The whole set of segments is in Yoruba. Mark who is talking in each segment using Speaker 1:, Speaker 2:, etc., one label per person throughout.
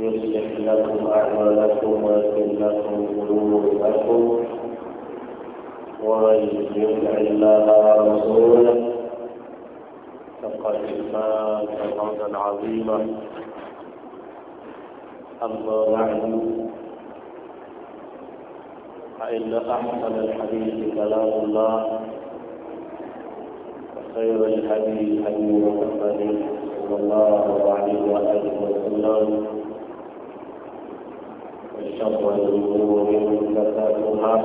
Speaker 1: يصلح لكم أعمالكم ويغفر لكم قلوبكم ومن يطع الله ورسوله فقد فاز فوزا عظيما أما بعد فإن أحسن الحديث كلام الله وخير الهدي هدي محمد صلى الله عليه وآله وسلم وشر الأمور محدثاتها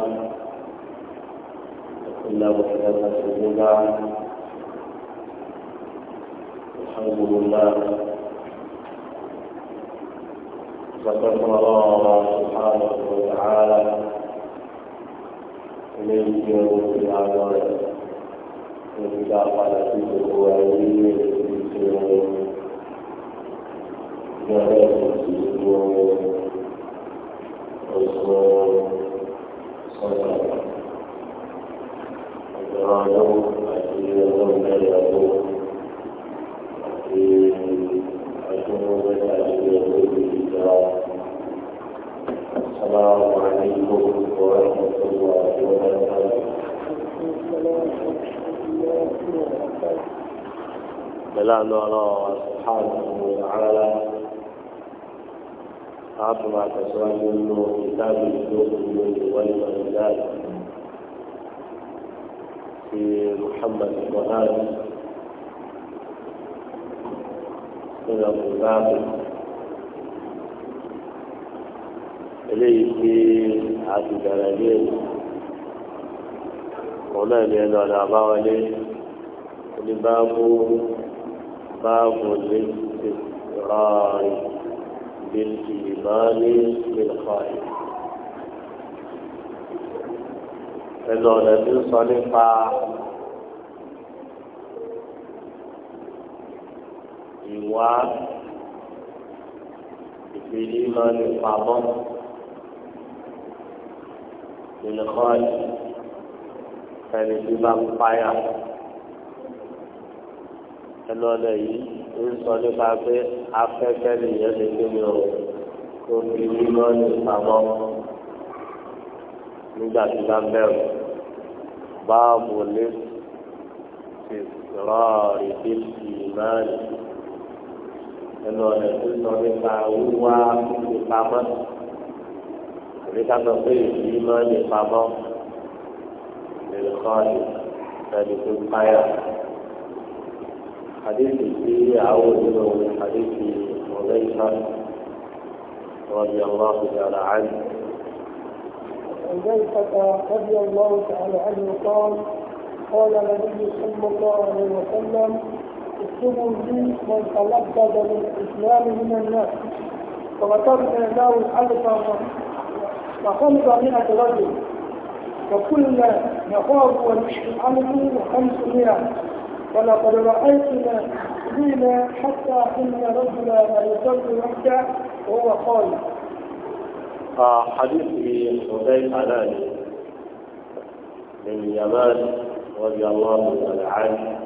Speaker 1: وكل محدثة بدعة الحمد لله ذكرنا الله سبحانه وتعالى
Speaker 2: إليه يوم القيامة وإذا قال فيه هو يمين في السنين ولا يمسكه له أتي لهم له أتي أشهد أن لا إله إلا الله السلام عليكم ورحمة الله وبركاته
Speaker 1: بلعنا الله سبحانه وتعالى عبد ما تسوى منه كتاب الجوز والمجال في محمد وآله من أبو eléyìí tí a ti bẹ̀rẹ̀ ní èyí òun náà ní ẹnu ọ̀nà àbáwọlé ní báàbù báàbù lè ti rọrùn bí ìmọ̀ ní ìlú kọ́ọ̀yì. pẹ̀lú ọ̀rẹ́ tí ń sọ nípa ìwà ìpele lọ nípa bọ́ ìlẹ̀kọ́ọ̀lì ẹni tí bá ń páyà ẹnu ọ̀nà yìí ń sọ nípa pé afẹ́fẹ́ nìyẹn ti gbé mi o kò fi wí nípa bọ́ nígbà tí bá bẹ̀rù báàbò lè fi rọrì bí ìmáàlì ẹnu ọ̀nà tó sọ nípa wíwá ìpamọ́ àbí ká sọ pé ìdí máa ń ìpamọ́ lè kọ́ ni ẹni tó káyà. حديث في أول من حديث حذيفة رضي الله تعالى عنه
Speaker 3: حذيفة رضي الله تعالى عنه قال قال النبي صلى الله عليه وسلم اكتبوا لي من تلبد الاسلام من الناس فذكرنا له ألف وخمس مئة رجل وكل نخاف ونشفي عنه مئة ولقد رأيتنا فينا حتى إن رجلا لا يصلي وحده وهو خالق
Speaker 1: حديث حذيفة نادي من اليمان رضي الله تعالى عنه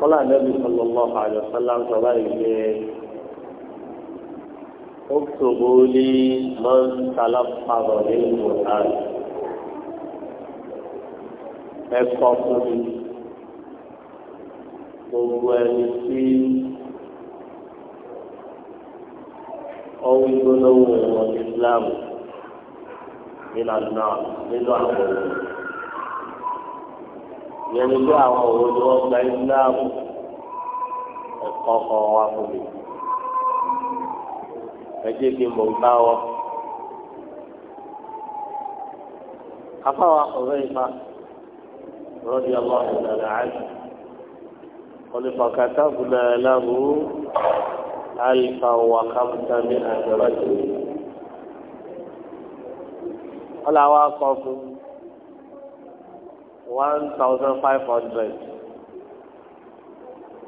Speaker 1: قال النبي صلى الله عليه وسلم صلى اكتبوا لي من تلفظ للقرآن اكتبوا لي gbogbo ẹni tí ọwọ́ ìgbónáwó ẹ̀rọ ìsìláàmù ìlànà nínú àwọn òwò yẹn ní bí àwọn òwò ni wọ́n gba ìsìláàmù ẹ̀kọ́ kan wá fún ẹ jẹ́ kí mò ń bá wọn. حفظ حذيفة رضي الله تعالى عنه قل فكتبنا له alifa wa kápútà ní àjọrọ ìlú wọn làwọn akọ fún one thousand five hundred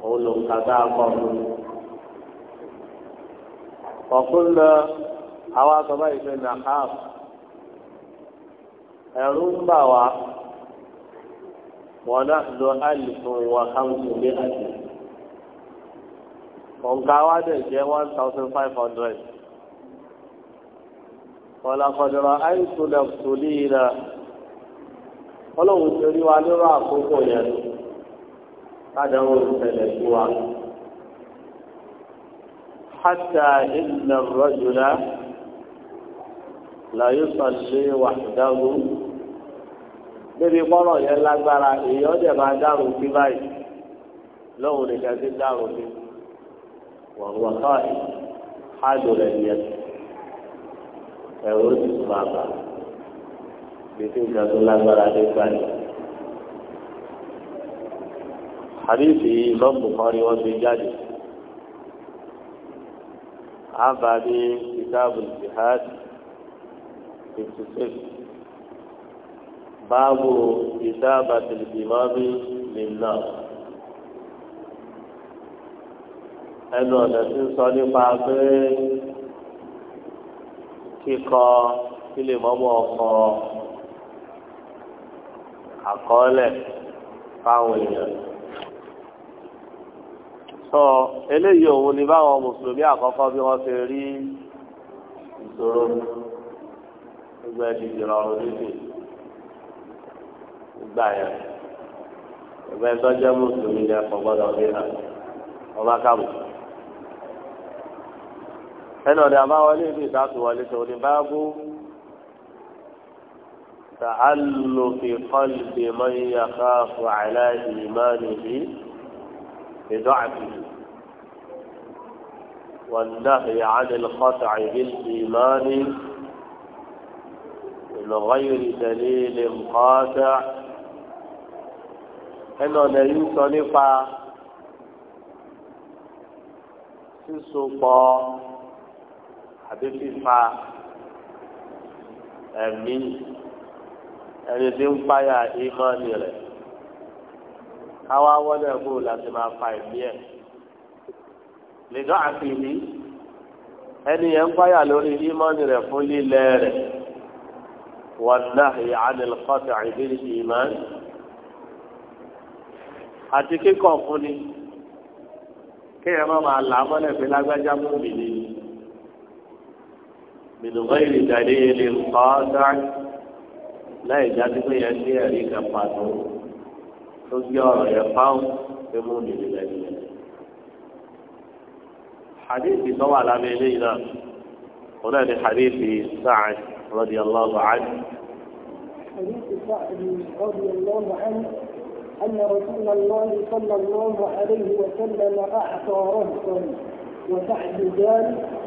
Speaker 1: òun ló ń kàtà akọ fún ọkùnrin àwọn akọ báyìí fẹ́ nà áàpù ẹ̀rù ń bà wá wọ́n náà lọ àlùfò wà káwọn tó lé àjò òǹkà wa dẹ̀ jẹ́ one thousand five hundred. ọ̀làkọ̀dọ̀rọ̀ àìsùnà tòlí iná ọlọ́run torí wa lérò àkókò yẹn kájà wọn ṣẹlẹ̀ sí wa. حتى إن الرجل لا يصلي وحده níbi gbọ́rọ̀ يلا lágbára èèyàn dẹ̀ máa dárò sí báyìí lóhùn nìkan sí dárò وهو قائم حال الأبيات ẹ̀rọ ti tún máa bà gbèsè ìjà tó lágbára dé gbàlè. àdìsí ìlọ́pù kan ni wọ́n ti jáde. àbá ní kìtàbù jihad fifty six báàbù kìtàbù àti ìmọ̀ọ́bí lè náà. ẹnu ọ̀nà tí ń sọ nípa pé kíkọ kí lè mọ́mọ́ ọkọ àkọọ́lẹ̀ fáwọn èèyàn. sọ eléyìí òun ni báwọn mùsùlùmí àkọ́kọ́ bí wọ́n ṣe rí ìṣòro gbogbo ẹni ìrọ̀rùn níbi ìgbà yẹn ìgbà ẹ̀tọ́ mùsùlùmí ni ẹ̀kọ́ gbọ́dọ̀ rí náà ọba kábùkù. ẹnu ọ̀dẹ àbáwọlé ibi ìdáàtúwọlé tó ní báàbù tàálùfì kọ́lùfì mọ́yà káfù àìláàdì ìmánìlì ìdọ́ àbìlì والنهي عن القطع بالإيمان من غير دليل قاطع ẹnu ọ̀nà yìí sọ nípa sísopọ̀ àbí fífa ẹ̀mí ẹni tí ń fáyà ìmọ̀ọ́nì rẹ̀ káwá wọlé kó láti máa fa ẹ̀mí ẹ̀ lẹ́dọ̀ àfihì ẹni yẹn ń fáyà lórí ìmọ̀ọ́nì rẹ̀ fún lílẹ̀ rẹ̀ wọ́n náà yà á nílò kọ́tà ìbílí ìmọ̀ọ́nì àti kíkọ̀ fún ni kéèyàn máa là mọ́lẹ̀ pé lágbájá mú mi ní من غير دليل قاطع لا يجادل يأتي عليك قاطع تجار يقاو يمون لله حديث سوى على مينينا هنا حديث سعد رضي الله عنه
Speaker 3: حديث سعد رضي الله عنه أن رسول الله صلى الله عليه وسلم أعطى رهطا وتحت ذلك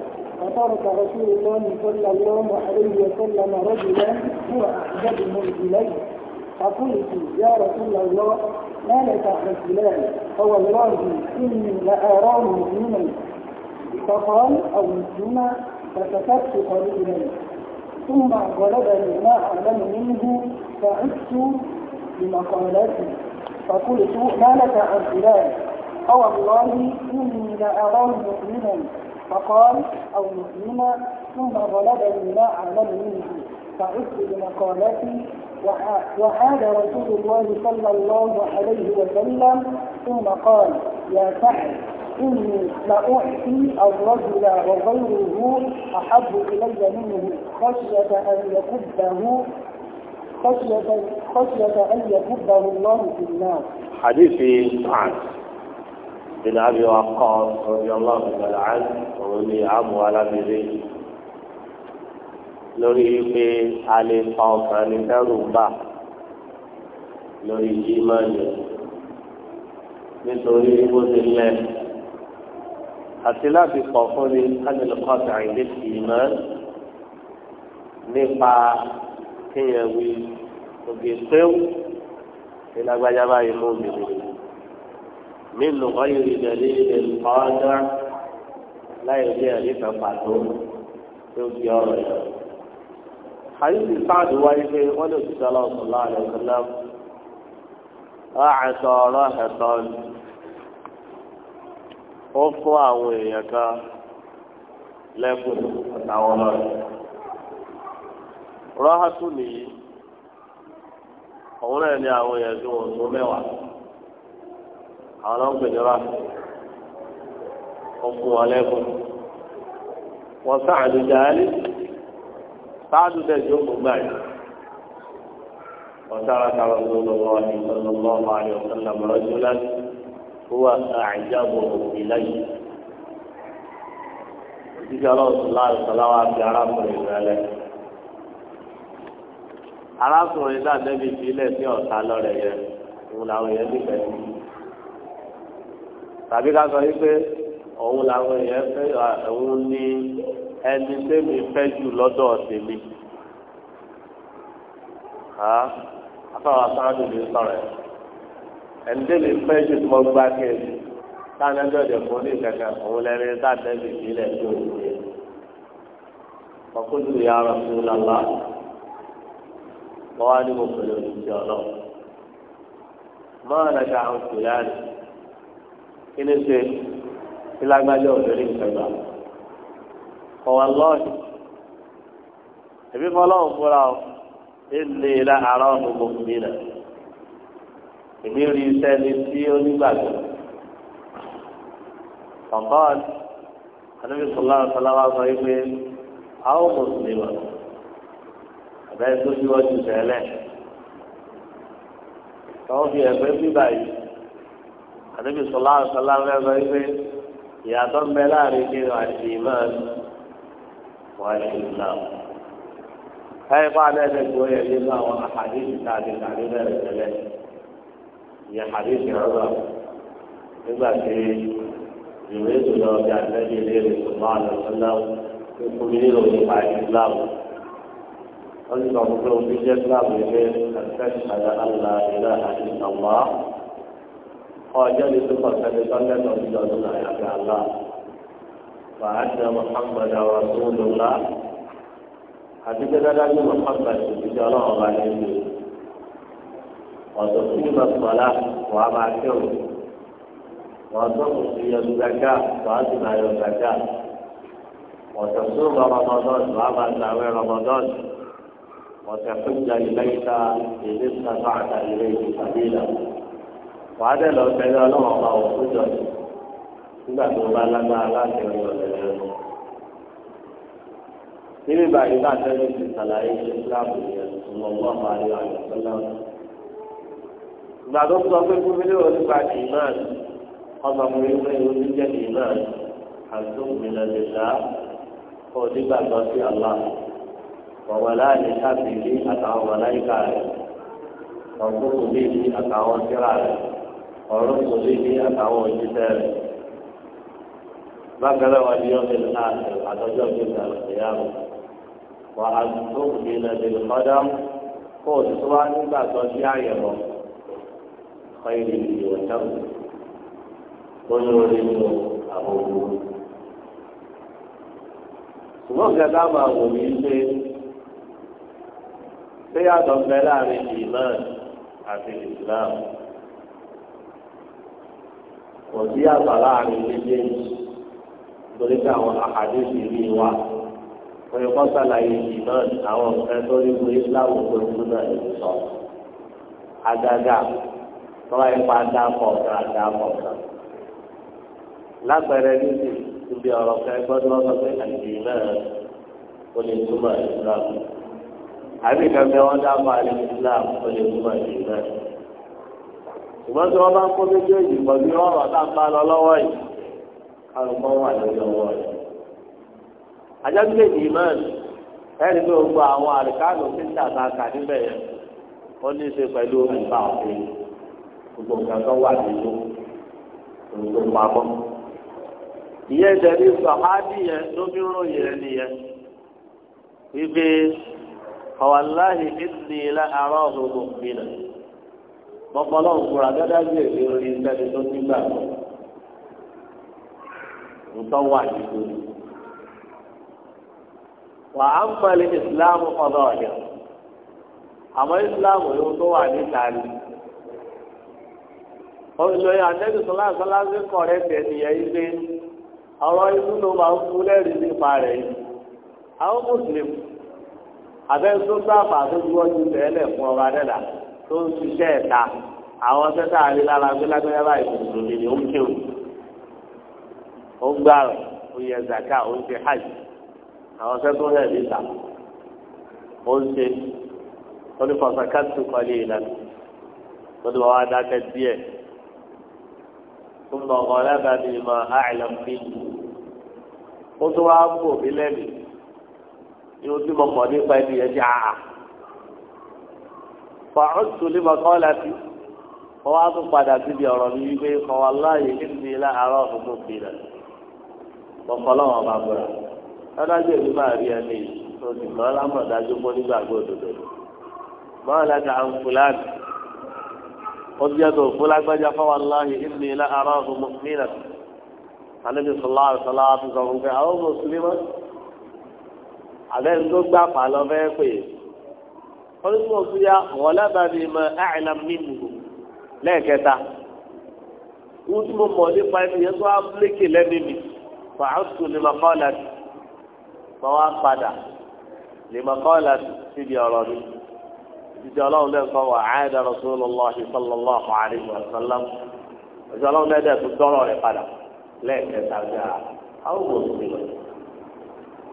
Speaker 3: فترك رسول الله صلى الله عليه وسلم رجلا هو أحببهم إليه فقلت يا رسول الله ما لك رجلان فوالله إني لأراه مؤمنا فقال أو مسلما فكتبت قليلا ثم غلبني ما أعلم منه فعدت بمقالتي فقلت ما لك رجلان فوالله إني لأراه مؤمنا فقال أو مؤمنا ثم غلبني ما أعلم منه فعدت بمقالتي وعاد رسول الله صلى الله عليه وسلم ثم قال يا سعد إني لأحصي الرجل وغيره أحب إلي منه خشية أن يكبه خشية خشية أن يكبه الله في النار.
Speaker 1: حديث سعد بن أبي وقاص رضي الله تعالى عنه ومن عم ولا بذي lórí pé a lè fa ọkàn ní dẹ́rù bá lórí ìmọ̀lẹ̀ nítorí bó ti lẹ̀ àti láti pọ̀ fún mi ánìlùkọ́tà ìdẹ́sì ìmọ̀ nípa kéèyàn wí ògè péwù ìlágbájá báyìí mú mi nìyí. من غير دليل قاطع لا يبيع لك فاتو يبيع رجل حديث سعد وايفي ولا صلى الله عليه وسلم أعطى رهطا أفوى ويكا لكن أتعوى رهط لي أولا يا ويزو ميوان àwọn náà ń pè jọba wọn fún wọn lẹ́kùn wọn sáàdù jáde sáàdù tẹ̀sí òkú gbà yìí wọn sára sára lọ́wọ́ wọn ní sọ́dọ̀ wọn àyọ̀ sọ́dọ̀ wọn lọ́jọ́ láti هو أعجبه إلي Ìjọ ọlọ́run sọlá ìsọláwà àti arákùnrin ìrẹ̀lẹ̀. Arákùnrin náà débi ìfilẹ̀ sí ọ̀tá lọ́rẹ̀ yẹn, òun làwọn èèyàn nífẹ̀ẹ́ sí tàbí ká sọ yìí pé òun làwọn èèyàn fẹ́ òun ní ẹni tẹ́mi fẹ́ jù lọ́dọ̀ tèmi ha afáwọn asáájú mi sọ̀rọ̀ ẹ̀ ẹni tẹ́mi fẹ́ jù mọ́ gbá kéèdì táwọn ẹgbẹ́ ọ̀dẹ̀ fún ní kankan òun lẹ́ni táwọn ẹgbẹ́ ìbílẹ̀ tó ń gbé ọkùnrin ìyá ara fún lọ́la wọ́n wá ní mo pẹ̀lú ìjọ náà máa nàka àwọn kùlá rẹ̀ kí ni ṣe ìlágbájá òbẹ̀rẹ̀ ìfẹ̀gbà ọ̀wà lọ́ọ̀ṣì ẹ̀bí fọlọ́ọ̀ fúra ọ ilé ilá ara ọ̀hún gbogbo mi rẹ̀ èmi rí iṣẹ́ ni tí ó nígbàgbọ́ ọ̀kọ́ọ̀d àdébí sọlá ọ̀sọ́lá wa sọ wípé a ó mùsùlùmí wà àbẹ́ tó bí wọ́n ti tẹ̀lé tọ́wọ́ fi ẹ̀fẹ́ bíbá yìí àdébí sọlá sọlá ń lẹ́sọ yìí pé ìyàtọ̀ ń bẹ láàrin kí ni àti ìmáà wà ní islam. káyọ̀ bá dẹ́sẹ̀ tó yẹ nínú àwọn àhàdìsì tàbí tàbí bẹ̀rẹ̀ tẹ́lẹ̀ ìyẹn àhàdìsì rọ́bà nígbà tí ìwé ìtòlọ́ ọjà àtẹ́bí ilé rẹ̀ sọlá sọlá ń kú nínú nípa islam. wọ́n ti sọ fún pé omi jẹ́ islam yìí pé àtẹ́sí ọjọ́ ní tó pàtàkì sọ́lẹ̀ náà ti lọ́dún náà yàgbé àlá
Speaker 2: fàájà muhammad àwọn àtúndò ńlá
Speaker 1: àti pé dájú muhammad ìdíjọ́ ọlọ́run bá ní ìlú ọ̀dọ̀ fún ìgbà sọ̀lá wàá máa kírun ọ̀dọ̀ kò sí yọdún gàgà wàá sì máa yọ gàgà ọ̀dọ̀ fún ìgbà ramadan wàá máa gbàwé ramadan ọ̀dọ̀ fún ìjà ìlẹ́yìn wàá dẹ̀ lọ bẹ̀rẹ̀ ọlọ́wọ́n ọba òkú jọ nígbà tó bá lágbára láti rìn ọ̀lẹ́lẹ́ lọ. níbi báyìí bá tẹ́lẹ̀ ti sàlàyé ìsìláàmù yẹn lọ́wọ́ àmàlẹ́ àyọ̀sọ́lá. ìgbà tó sọ pé gómìnà onígbà ìmáà ọmọ mi ń pè ní jẹ́ ìmáà àtúngbìnà lè dá onígbàgbọ́ sí àlá ọ̀wọ̀lá ní sábìlì àtàwọn mọ̀láyíkà rẹ̀ ọ̀gbọ́n òbí rẹ̀ ọ̀rọ̀ kò lè ní àtàwọn òṣìṣẹ́ rẹ̀. bákan náà wà ní ọ̀sẹ̀ náà àtọ́jọ́ gbèsè àlùfẹ́yàwó wà á tó kùdí lẹ́nu ìfọ́dá kó o tó wá nígbà tó sí àyẹ̀wò kọ́ ilé ìwé ìwòsàn ó ní orí nínú àwọn ṣùgbọ́n kẹta máa wò ní pé ṣé yàtọ̀ ń láàrin ìmọ̀ àti ìsìláàmù kò àgbà láàrin méjèèjì torí pé àwọn àhàdìsì rí wa wọ́n yẹ kó sàlàyé ìdìbò àwọn nǹkan tó ní pé láwùjọ gbogbo náà lè sọ àgàgà tọ́wá ipa dáàbò ọ̀gá dáàbò ọ̀gá lápẹẹrẹ níbi ibi ọ̀rọ̀ kan gbọ́dọ̀ lọ́sọ̀ pé àdìsí náà ó lè túmọ̀ ìsìlámù àbíkẹ́ mi wọ́n dáàbò àlè ìsìlámù ó lè túmọ̀ ìsìlámù ṣùgbọ́n tí wọ́n bá ń kó méjèèjì pọ̀ bí ọ̀rọ̀ tá a bá lọ lọ́wọ́ yìí kálukọ́ wà lórí ọwọ́ rẹ̀. àjọṣe ìdí imán ẹni tó gba àwọn àríkánù tí ń dàgbà kà níbẹ̀ yẹn ó ní í ṣe pẹ̀lú ìgbà òfin gbogbo nǹkan tó wà nínú gbogbo pamọ́. ìyẹn ìdẹ̀rí sọ̀hádì yẹn ló fi ròyìn ẹni yẹn wípé ọ̀wàláhì ìdílé àárọ̀ ọ̀hún òfin náà. mọ́kànlá òkúra dáadáa bí èdè orí sẹ́ni tó ti gbà lọ. Ntọ́ wà nínú. Wà á ń pẹ̀lú ìsìláàmù ọ̀dọ́ ọ̀dẹ̀. Àmọ́ ìsìláàmù yóò tó wà ni. Olùlọ́yìn àtẹ́jú sọlá sọlá sí kọ̀rẹ́ ọ̀rọ̀ inú ló máa ń fún lẹ́rìí nípa rẹ̀ yìí. Àwọn Mùsùlùmí tó ń ṣiṣẹ́ ẹ̀ta àwọn sẹ́tà àrí lára gbé lágbẹ́rẹ́ báyìí mùsùlùmí ni ó ń kírun ó ń gbà ó yẹ zaka ó ń ṣe hajj àwọn sẹ́tà ń rẹ̀ níta ó ń ṣe ó ní fọ̀sàkàtù kọ́lé ìlànà ó ní wọ́n dákẹ́ díẹ̀ ثم غلبني ما أعلم منه ó tún wá bò mí lẹ́nu ní ojú mọ̀ mọ̀ nípa ẹni yẹn jẹ́ àá fàáhùtù ní mọ̀kànlá sí wọ́n wá tún padà síbi ọ̀rọ̀ mi wípé kọ́wá láàyè níbi ilá àárọ̀ gbogbo bìrẹ̀ ọ̀pọ̀lọ́wọ́ ọba búra lọ́dájú èmi máa rí ẹni tó sì mọ́ lámọ̀dájú mọ́ nígbàgbọ́ òdodo mọ́n lẹ́ka àǹfùlánì ó bí ẹ̀dọ̀ fúlágbájá fáwọn láàyè níbi ilá àárọ̀ gbogbo bìrẹ̀ alẹ́bí sọlá àti wọ́n tún wọ́n fúya wọ́n lábàá mi mọ àìlám nínú lẹ́ẹ̀kẹta wọ́n tún mọ̀ mọ̀ nípa ẹni yẹn tó á lékè lẹ́nu mi fàáṣù ni màá kọ́ láti màá wá padà lè màá kọ́ láti síbi ọ̀rọ̀ mi ìdíje ọlọ́run náà kọ́ wà áyàdà rasulullahi sallallahu alayhi wa sallam ìdíje ọlọ́run náà dẹ̀ tún dọ́rọ̀ rẹ̀ padà lẹ́ẹ̀kẹta gbà áwòrán mi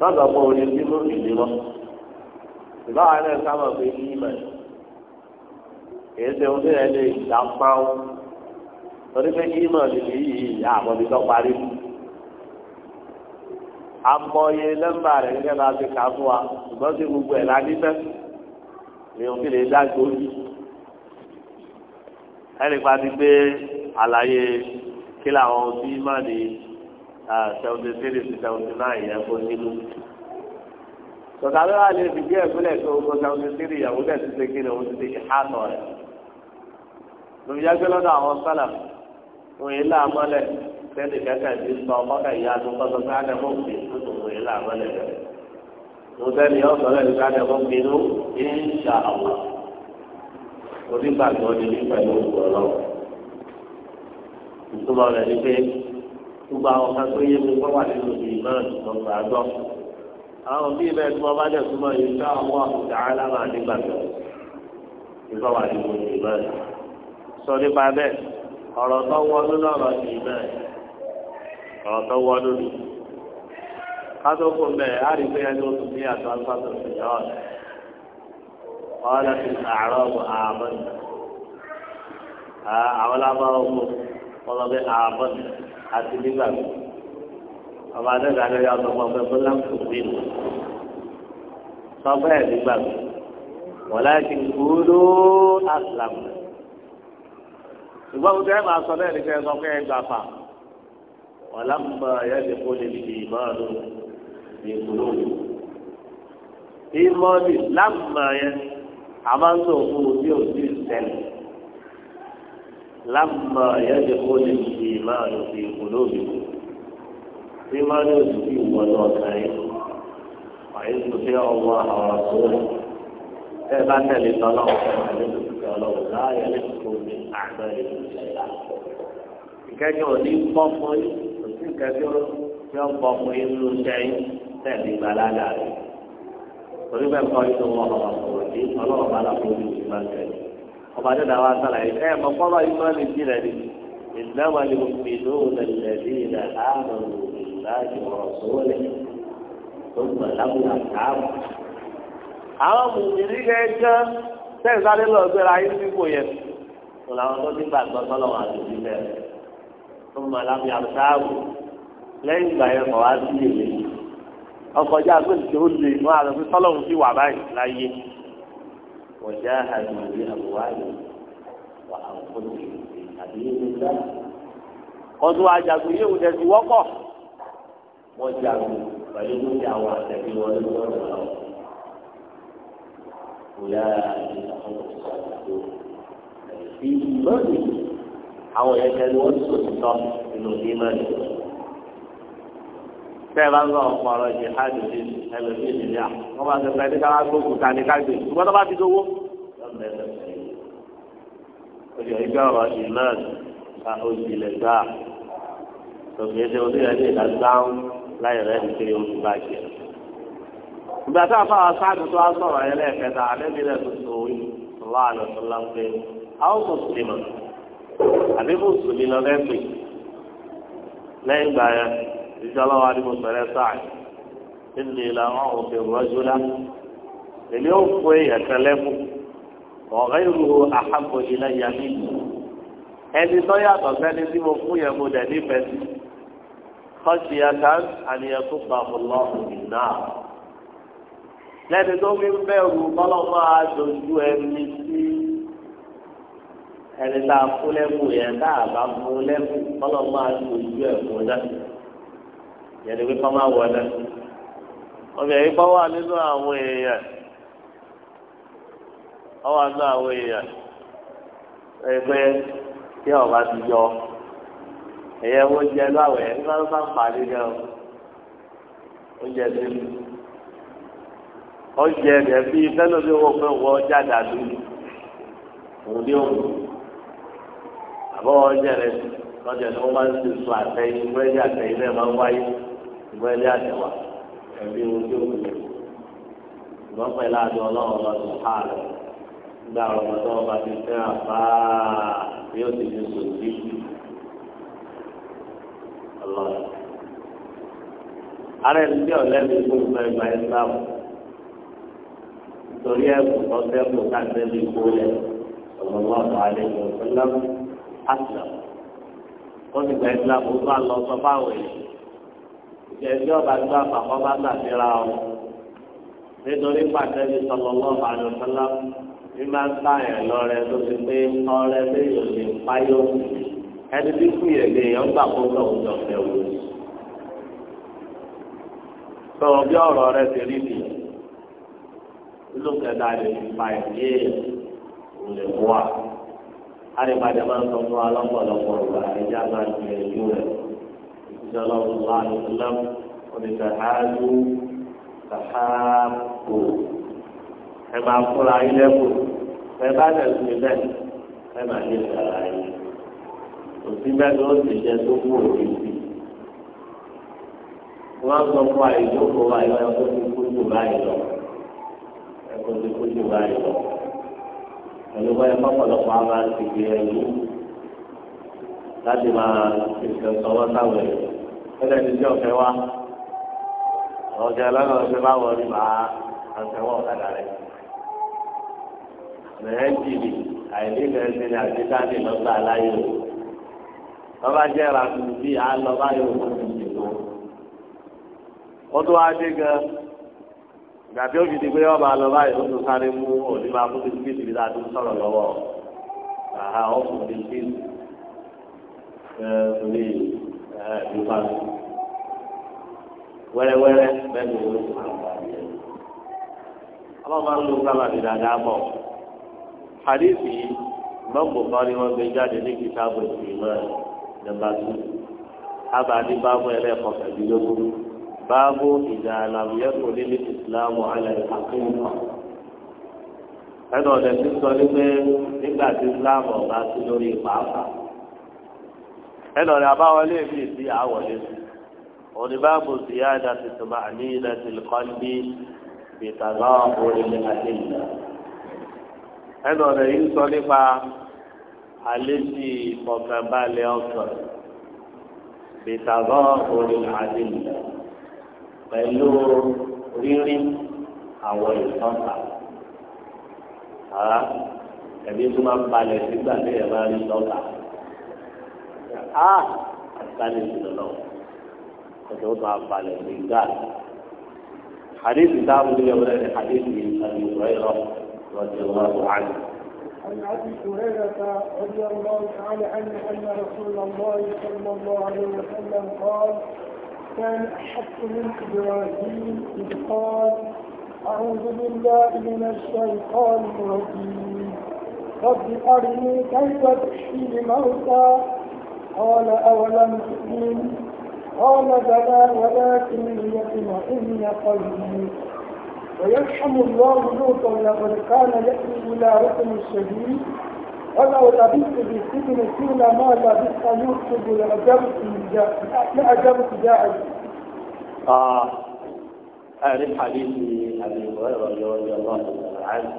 Speaker 1: lọ́dọ̀ ọgbọ́n ìbáwa náà sábà pé ní ìmọ̀ èyí ṣe ohun tó yẹ lè dá pàwọ́ torí pé ní ìmọ̀ nìyí yìí àbọ̀bí tó parí mu amọye lẹ́mbà rẹ̀ gẹ́gẹ́ bá ti kà fún wa ṣùgbọ́n sí gbogbo ẹ̀ lánìfẹ́ ni òun kì lè dá gbòógì ẹnì pa ti gbé àlàyé kí làwọn ohun tí ìmọ̀ ní ah, seventy three to seventy nine yẹn kó nínú tọ́ka ló wà lè fi bí ẹ̀kúnlẹ̀ tó o gbọ́dọ̀ ọdún sí ìyàwó náà ti ṣe kí ni òun ti ṣe ìhàtọ̀ rẹ̀. lórí yá gbé lọ́dọ̀ àwọn sálà òun yìí là mọ́lẹ̀ sẹ́ni kẹ́kẹ́ ti sọ ọmọkẹ́ ìyá tó kọ́sọ́ pé ádẹ́mọ́ fi tuntun òun yìí là mọ́lẹ̀ rẹ̀. mo sẹ́ni ọ̀sọ̀ rẹ̀ nípa ádẹ́mọ́ fi inú ìṣà àwọn onígbàgbọ́ ni mí pẹ̀lú ògbọ̀lọ́ ìtumọ̀ àwọn bíi bẹ́ẹ̀ tí wọ́n bá dẹ̀ súnmọ́ yìí ká àwọn àkùdá alára nígbà tó nígbà wà nínú ìgbà yìí sọ nípa bẹ́ẹ̀ ọ̀rọ̀ tó wọnú lọ́rọ̀ ní ìgbà yìí ọ̀rọ̀ tó wọnú ni kátókò bẹ́ẹ̀ á rí pé ẹni oṣù ní àtọ́ àgbàdo ìyá ọ̀rẹ́ ọ̀rẹ́ ti àárọ̀ ààbọ̀n àwọn lábáwọ̀ ọlọ́bẹ̀ ààbọ̀n àti nígbà ọba adẹ́gbà ló yà ọ̀dọ́ pọ̀ pé láǹkù mí nù sọ bẹ́ẹ̀ nígbà mi wọ́n láì ti kúrú àsìlámù ṣùgbọ́n mo tẹ́ máa sọ bẹ́ẹ̀ ní kẹ́ ẹ sọ fà wọ́n láǹbà yẹn ti kó lè fi ìmọ̀ ọ̀dọ́ ní ìkúrú ìmọ̀ ni àmọ́ ń sọ fún un bí òsì ṣẹlẹ̀ láǹbà yẹn ti kó lè fi ìmọ̀ ọ̀dọ́ ní ìkúrú bí má ní oṣù tí ìwọ lọ ọ̀sán yìí wàyí tó fi ọwọ́ àwọn ọ̀sán tẹ́ bá tẹ̀lé tọ́lọ́ láàyè lẹ́kọ̀ọ́ ní àgbà ìṣẹ̀lá. ìkẹ́jọ́ òní pọ́pọ́ yìí òsì ìkẹ́jọ́ yọ pọ́pọ́ yìí ló sẹ́yìn tẹ̀lé ìgbàládà rẹ̀. torí bẹ́ẹ̀ kọ́ inú wọn ọ̀rọ̀ kò ní ọlọ́run bá lápò ní ìgbà tẹ̀lé. ọba dẹ́dà wa sàlàyé الله ورسوله ثم لم يرحمه àwọn mùsùlùmí kẹjọ sẹ́yìn sáré lọ gbéra ayé fífò yẹn kò làwọn tó ti gbàgbọ́ sọ́lọ́wọ́ àdùnnú bẹ́ẹ̀ tó mọ̀ lábẹ́ àbúsáàbù lẹ́yìn ìgbà yẹn kọ̀ wá sí èlé ọkọjá agbẹ́sìtì ó lè mọ́ àlọ́ fún sọ́lọ́wọ́ sí wà báyìí láyé wọ́n já àdùnnú àbúwá yìí wà àwọn kọ́ni àbí yẹn ní sáà tẹ̀sí wọ́pọ̀ wọ́n jagun pẹ̀lú dúkìá àwọn àtẹ̀bí wọn ló wọ́n rọ̀ lọ. Ìyá àwọn ìṣàkóso fi lọ́ọ̀dì àwọn ẹ̀jẹ̀ ni wọ́n sọ tọ́ nínú ìmọ̀lẹ̀. Bẹ́ẹ̀ bá ń lọ ọ̀pọ̀ ọ̀rọ̀ ìṣe háàdì sí ẹlòmíì nìyà. Wọ́n bá sọ pé ẹni ká wá gbógun ta ni ká gbé. Ṣùgbọ́n tó bá ti dówó. Oyè ìgbà ọ̀rọ̀ ìmọ̀lẹ̀ ká ó jìnlẹ̀ gbà. Tòkè ṣe oníyẹn ní ìdájọ́ láyọ̀ rẹ̀ ní kiri oṣù bàjẹ́. ìgbà tá a fà wá sáàdù tó a sọ̀rọ̀ yẹn lẹ́ẹ̀kẹta àlẹ́bí rẹ̀ tó so wí wà lọ́sọ̀ láńpẹ́ àwọn mùsùlùmí àbí mùsùlùmí lọ lẹ́pẹ́ lẹ́yìn ìgbà yẹn ìjọba wa ni mo sọ̀rọ̀ sáà ilé làwọn òfin rọ́jú lá èmi ò fún èèyàn kan ọ̀rẹ́ ìlú àhàbọ̀ ìlẹ̀ yàmí ẹni tó yàtọ̀ sẹ́ni tí mo fún yẹn mo dẹ̀ nífẹ̀ẹ́ kọ́síyàtà àníyàtò pàmòlọ́ ìná. lẹ́ni tó fi ń bẹ̀rù bọ́lọ́mọ́ àdójú ẹni sí ẹni tá a fún lẹ́kù yẹn tá a bá fún lẹ́kù bọ́lọ́mọ́ àdójú ẹ̀kún náà yẹn ni wípé ọmọ àwọn náà obìnrin kan wà nínú àwọn èèyàn ọ wà nínú àwọn èèyàn ẹ pé kí ọba ti yọ ẹ̀yẹ oúnjẹ láwẹ̀ ẹ̀ nígbà tó bá ń pàdé gan o oúnjẹ tó ń oúnjẹ rẹ̀ bí fẹ́lẹ́ bí wọ́n fẹ́ wọ ọjà dàdú òun ní òun àbọ̀ oúnjẹ rẹ̀ lọ́jà tó máa ń ti sùn àtẹ̀yìn ìgbẹ́jì àtẹ̀yìn náà máa ń wáyé ìgbẹ́jì àtẹ̀wà ẹ̀bí ohun tó kù ìgbọ́n pẹ̀lú àdó ọlọ́run ọlọ́run káàlẹ̀ nígbà ọ̀rọ̀ ọ̀dọ́ ọba ti fẹ́ ti ara ẹni tí ọ̀lẹ́ mi kó gba ìgbà islam torí ẹ̀kọ́ tó sẹ́kù káṣẹ́ mi kó lẹ̀ ọ̀gbọ̀n àlẹ́ ìgbọ̀nsẹ́lẹ́m àṣà ó ti gba islam ó bá lọ sọ fáwọn èèyàn ìjẹ́jọ́ ọba gbá àpapọ̀ bá gbàdúrà ọ nítorí pàṣẹ mi sọ̀rọ̀ lọ́wọ́ àlùfẹ́lẹ́m mi máa ń sáyẹn lọ́rẹ́ tó ti pé ọrẹ́ mi yóò lè páyọ́ sí i ẹni tí kú yẹn lè yàn gbà kó lọ òun lọ fẹ wò ó sọ̀rọ̀ bí ọ̀rọ̀ rẹ ti rí mi lókèdá lè fa ìdí èèyàn òun lè wọ à àdìpadà máa ń sọ fún wa lọ́pọ̀lọpọ̀ ìgbà ẹja máa ń gbé ẹjú rẹ ìṣiṣẹ́ ọlọ́run wa àlùfẹ́lẹ́m oníkàhájú kàhábò ẹ máa fúnra ilé kù ẹ bá tẹ̀sí bẹ́ẹ̀ ẹ máa yé ìgbà láyé òsì bẹ́ẹ̀ ló ti jẹ tó kú òbí sí. wọ́n sọ fún àìjókòó àìlọ́ ẹ̀kọ́ ti kú jù báyìí lọ ẹ̀kọ́ ti kú jù báyìí lọ. pẹ̀lú báyìí pọ́pọ̀lọpọ̀ á máa ti gbé ẹ̀yìn láti máa ṣèṣe sọ́wọ́ sáwọn ẹ̀yìn. ẹ̀rẹ́ ti jẹ́ ọ̀fẹ́ wa ọ̀jẹ̀ lọ́nà ọ̀sẹ̀ bá wọ̀ ní màá àtẹ̀wọ́ ọ̀kadà rẹ̀. mẹ̀rẹ́ jìbì àìlè bàbá jẹ́ ràkùnrin bíi àlọ́ báyọ̀ wọ́n ti ṣe lọ. ó tún wáá dé gan ìgbà tí ó fi di pé wọ́n bá lọ báyìí ó tún sáré mú òní máa fún bíi bíi ìlà tó ń sọ̀rọ̀ lọ́wọ́ àhà ọkùnrin bíi ẹ̀ẹ́dùnmí ẹ̀ẹ́dùnmá wẹ́rẹ́wẹ́rẹ́ bẹ́ẹ̀ ni ó ti máa ń bá yẹn. ọlọ́run máa ń lo sábà dáadáa bọ̀ hadithi mọ́gbọ̀n kan ni wọ́n gbé jáde ní kìtàbù ìmọ̀ ẹ̀ nọ́mbà tó ábà ní báàbù ẹlẹ́ẹ̀kọ́ kẹ̀dínlógún báàbù ìdá àlàmúyẹ́kọ̀ nílé ìsìlámù alẹ́ àkínkàn ẹnu ọ̀dẹ̀ ti sọ wípé nígbà tí islam ọba sí lórí pàápàá ẹnu ọ̀dẹ̀ àbáwọlé mi sí àwọlé oníbàbò ziyada ti tuma àní ilẹ̀ tìlùkọ́lì ìtàgá orílẹ̀ àdéhùn ẹnu ọ̀dẹ̀ yìí sọ nípa àlejò ìfọ̀kànbalẹ̀ ọkàn bìtàbọ̀ olùhàdì pẹ̀lú rírí àwọn ìtọ́ta àrà ẹ̀mí tó máa ń balẹ̀ nígbà tí ẹ̀ máa rí lọ́ta á àtàlẹ̀ ìdùnnà ọjọ́ máa balẹ̀ nígbà حديث كتاب اليوم حديث ابي هريره رضي الله عنه
Speaker 3: عن ابي هريره رضي الله تعالى عنه ان رسول الله صلى الله عليه وسلم قال كان أحب من ابراهيم اذ قال اعوذ بالله من الشيطان الرجيم رب ارني كيف تحيي الموتى قال اولم تؤمن قال بلى ولكن ليطمئن قلبي ويرحم الله لوطا لقد كان يأتي إلى ركن الشديد ولو لبثت في السجن سنة ما لبثت يكتب لأجبت جاعل.
Speaker 1: آه أعرف حديث أبي هريرة رضي الله تعالى عنه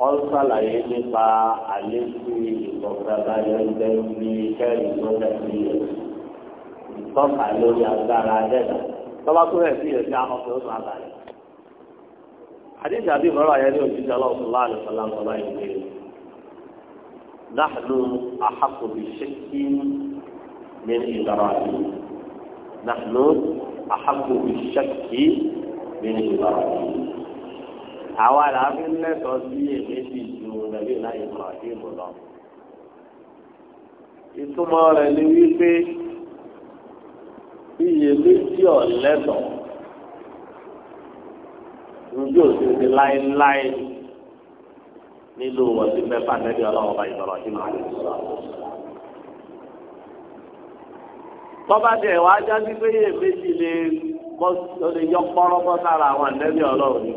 Speaker 1: wọ́n sàlàyé nípa àlékún ìgbọ̀ngàdà yọ̀ǹdẹ́ ní kẹ́rin lọ́dẹ̀ sí ẹ̀. ìtọ́ka lórí agbára ẹ̀dá tọ́ba tó rẹ̀ sí ẹ̀ sí amọ̀fẹ́ àdéhùn àbí ìmọ̀ràn ayẹyẹ òjijì aláwọ̀ láàrin sọláńtọ̀ láì pé nàánú àhàkùnrin ṣẹ́kí ní ìdára àdé nàánú àhàkùnrin ṣẹ́kí ní ìdára àdé. àwa làbí lẹ́tọ̀ọ́ sí èméjì ju nàbí láì mọ̀ àdé mọ̀ lọ. ìtumọ̀ rẹ̀ ni wípé iyèméjì ọ̀lẹ́tọ̀ọ́ níbi òṣèlú láéláé nílò wọ̀sí mẹ́fà nẹ́bí ọlọ́wọ́ bá ìbọ̀rọ̀ sí màá lọ. tọ́ba tẹ̀ wá jáde pé yé lè bọ́ lórí yọpọ́rọ́bọ́ sára àwọn ànẹ́bí ọlọ́wọ́ ni.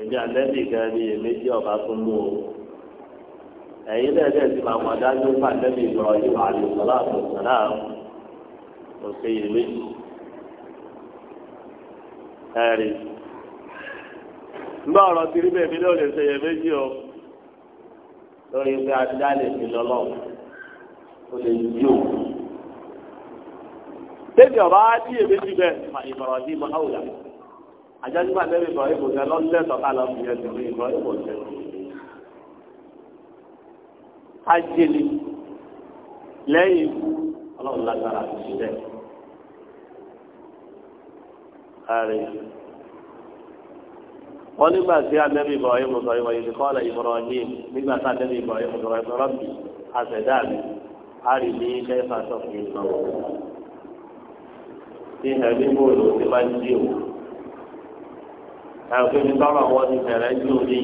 Speaker 1: èmi ànẹ́bí gan ni èméjì ọba tó mú o. ẹ̀yin náà dẹ̀ ti máa mọ̀ dájú pé ìbọ̀rọ̀ sí màá lọ sọ́lá àtọ̀sọ́lá kò sí ẹ̀rí nígbà ọ̀rọ̀ ti rí bẹ́ẹ̀ mi náà ṣe yẹ méjì o lórí pé ajá lè fi lọ́lọ́ o lè yí o. Tébi á dí bẹ́ẹ̀ ma ìbọ̀rọ̀ ní ìmọ̀ àwùjá. Ajá nígbà lẹ́nu ìbọ̀rọ̀ ìbò tẹ lọ́lẹ́ tọ́ka lọ fi ẹ̀ tẹ̀lé ìbò tẹ. ọlọ́run lágbára ti kárí. wọ́n nígbà tí anẹ́bí Ibrahim sọ ìwà yìí kọ́ ọ̀la Ibrahim nígbà tí anẹ́bí Ibrahim sọ ìwà rọ́bì àṣẹ̀dá mi àrí ní kẹfà sọ́kùn ìgbàwọ̀. ní ẹ̀mí bòlù ti máa ń jí o. ẹ̀rọ pé mi tọ́lọ̀ wọn ti bẹ̀rẹ̀ jí o ní.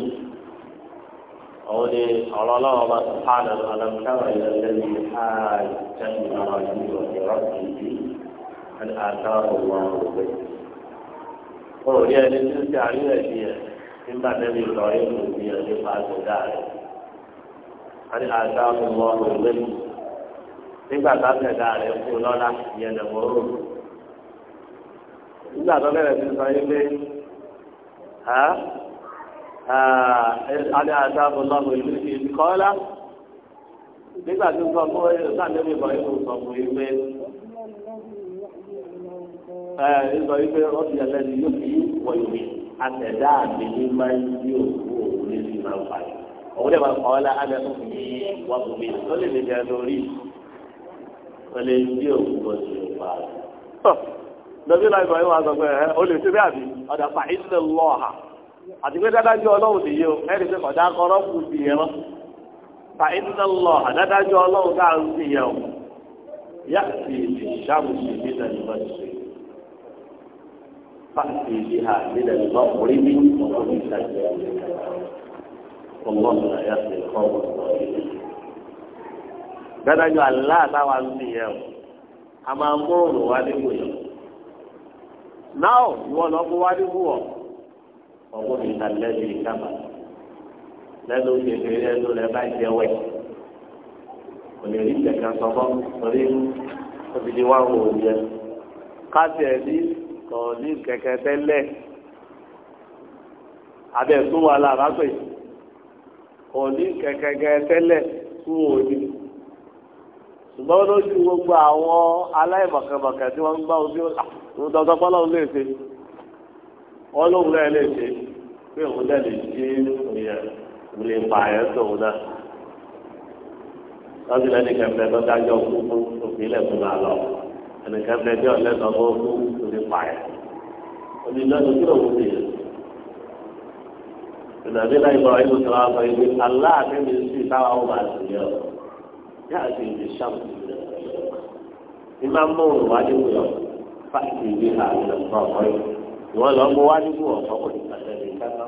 Speaker 1: قولي على الله سبحانه ألم تر إلى الذي حاج إبراهيم في ربه أن آتاه الله بيته wọn ò rí ẹni tí ó ti àríyànjiyàn nígbà tẹ́lẹ̀ ìlọ ìlú ìyàn nípa àgbẹ̀dá rẹ̀ àti àgbà ọmọ ọmọ ìlú nígbà tá àgbẹ̀dá rẹ̀ kú lọ́la ìyẹn lẹ̀mọ́ rò nígbà tó bẹ̀rẹ̀ sí sọ yín pé àti àgbà ọmọ ìlú ìkọ́lá nígbà tó sọ fún ẹ̀ sáà lórí ìbọn ìlú sọ fún yín pé. ẹ sọ wípé ọ̀sìn ẹlẹ́ni yóò fi wọ̀nyí àtẹ̀dá àgbèlé máa ń yí òkú òun lè máa ń fa yìí òun lè máa ń fa ọ́ tó fi wọ́n kò mí tó lè lè lórí tó yí òkú òun lè fa lọ́sí láì bọ̀ yín sọ pé ẹ o lè ṣe àbí ọ̀dà fà ìṣẹ̀lẹ̀ lọ́ọ̀hà àti pé dádájọ́ ọlọ́run ti yé o ẹ̀rí pé kọ̀dá فأتي بها من المغرب ومن الشمال والله لا يهدي القوم الظالمين dájú àlá táwa ń bì yẹn o a máa mú òrùn wá níwò yẹn náà ìwọ lọ mú wá níwò ọ ọgbọ́n mi ta lẹ́nu ìkàmà lẹ́nu kékeré lẹ́nu rẹ bá jẹ wẹ̀ kò lè rí sọ́kọ́ torí ó ti di wá òun jẹ ká tiẹ̀ ní. kò ní kẹ̀kẹ́ tẹ́lẹ̀ abẹ́ tó wà lára pé kò ní kẹ̀kẹ́ tẹ́lẹ̀ tó wò ṣùgbọ́n lójú gbogbo àwọn aláìmọ̀kànmọ̀kàn tí wọ́n ń gbá ojú òun dandan fọlọ́run lè ṣe wọ́n lóun náà lè ṣe pé òun náà lè ṣe òun lè pa tó òun náà ní kẹfẹ́ òfin lẹ́kùn ẹnìkan fẹ́ bí ọ̀lẹ́sọ̀ bọ́ fún orí pààyà omi lọ́dún kí lòun ti yẹ. ìdàbí láì bọ̀ ẹ̀yìn tó wá sọ ibi aláàfin mi sì táwa ó máa sì yẹ ọ yáà sì lè ṣàmù ní máa mú òun wá níwò yọ fáìlì ìwé àmì ọ̀pọ̀ ọ̀pọ̀ yìí ìwọ lọ mú wá níwò ọ̀pọ̀ kò ní pàṣẹ ní kátó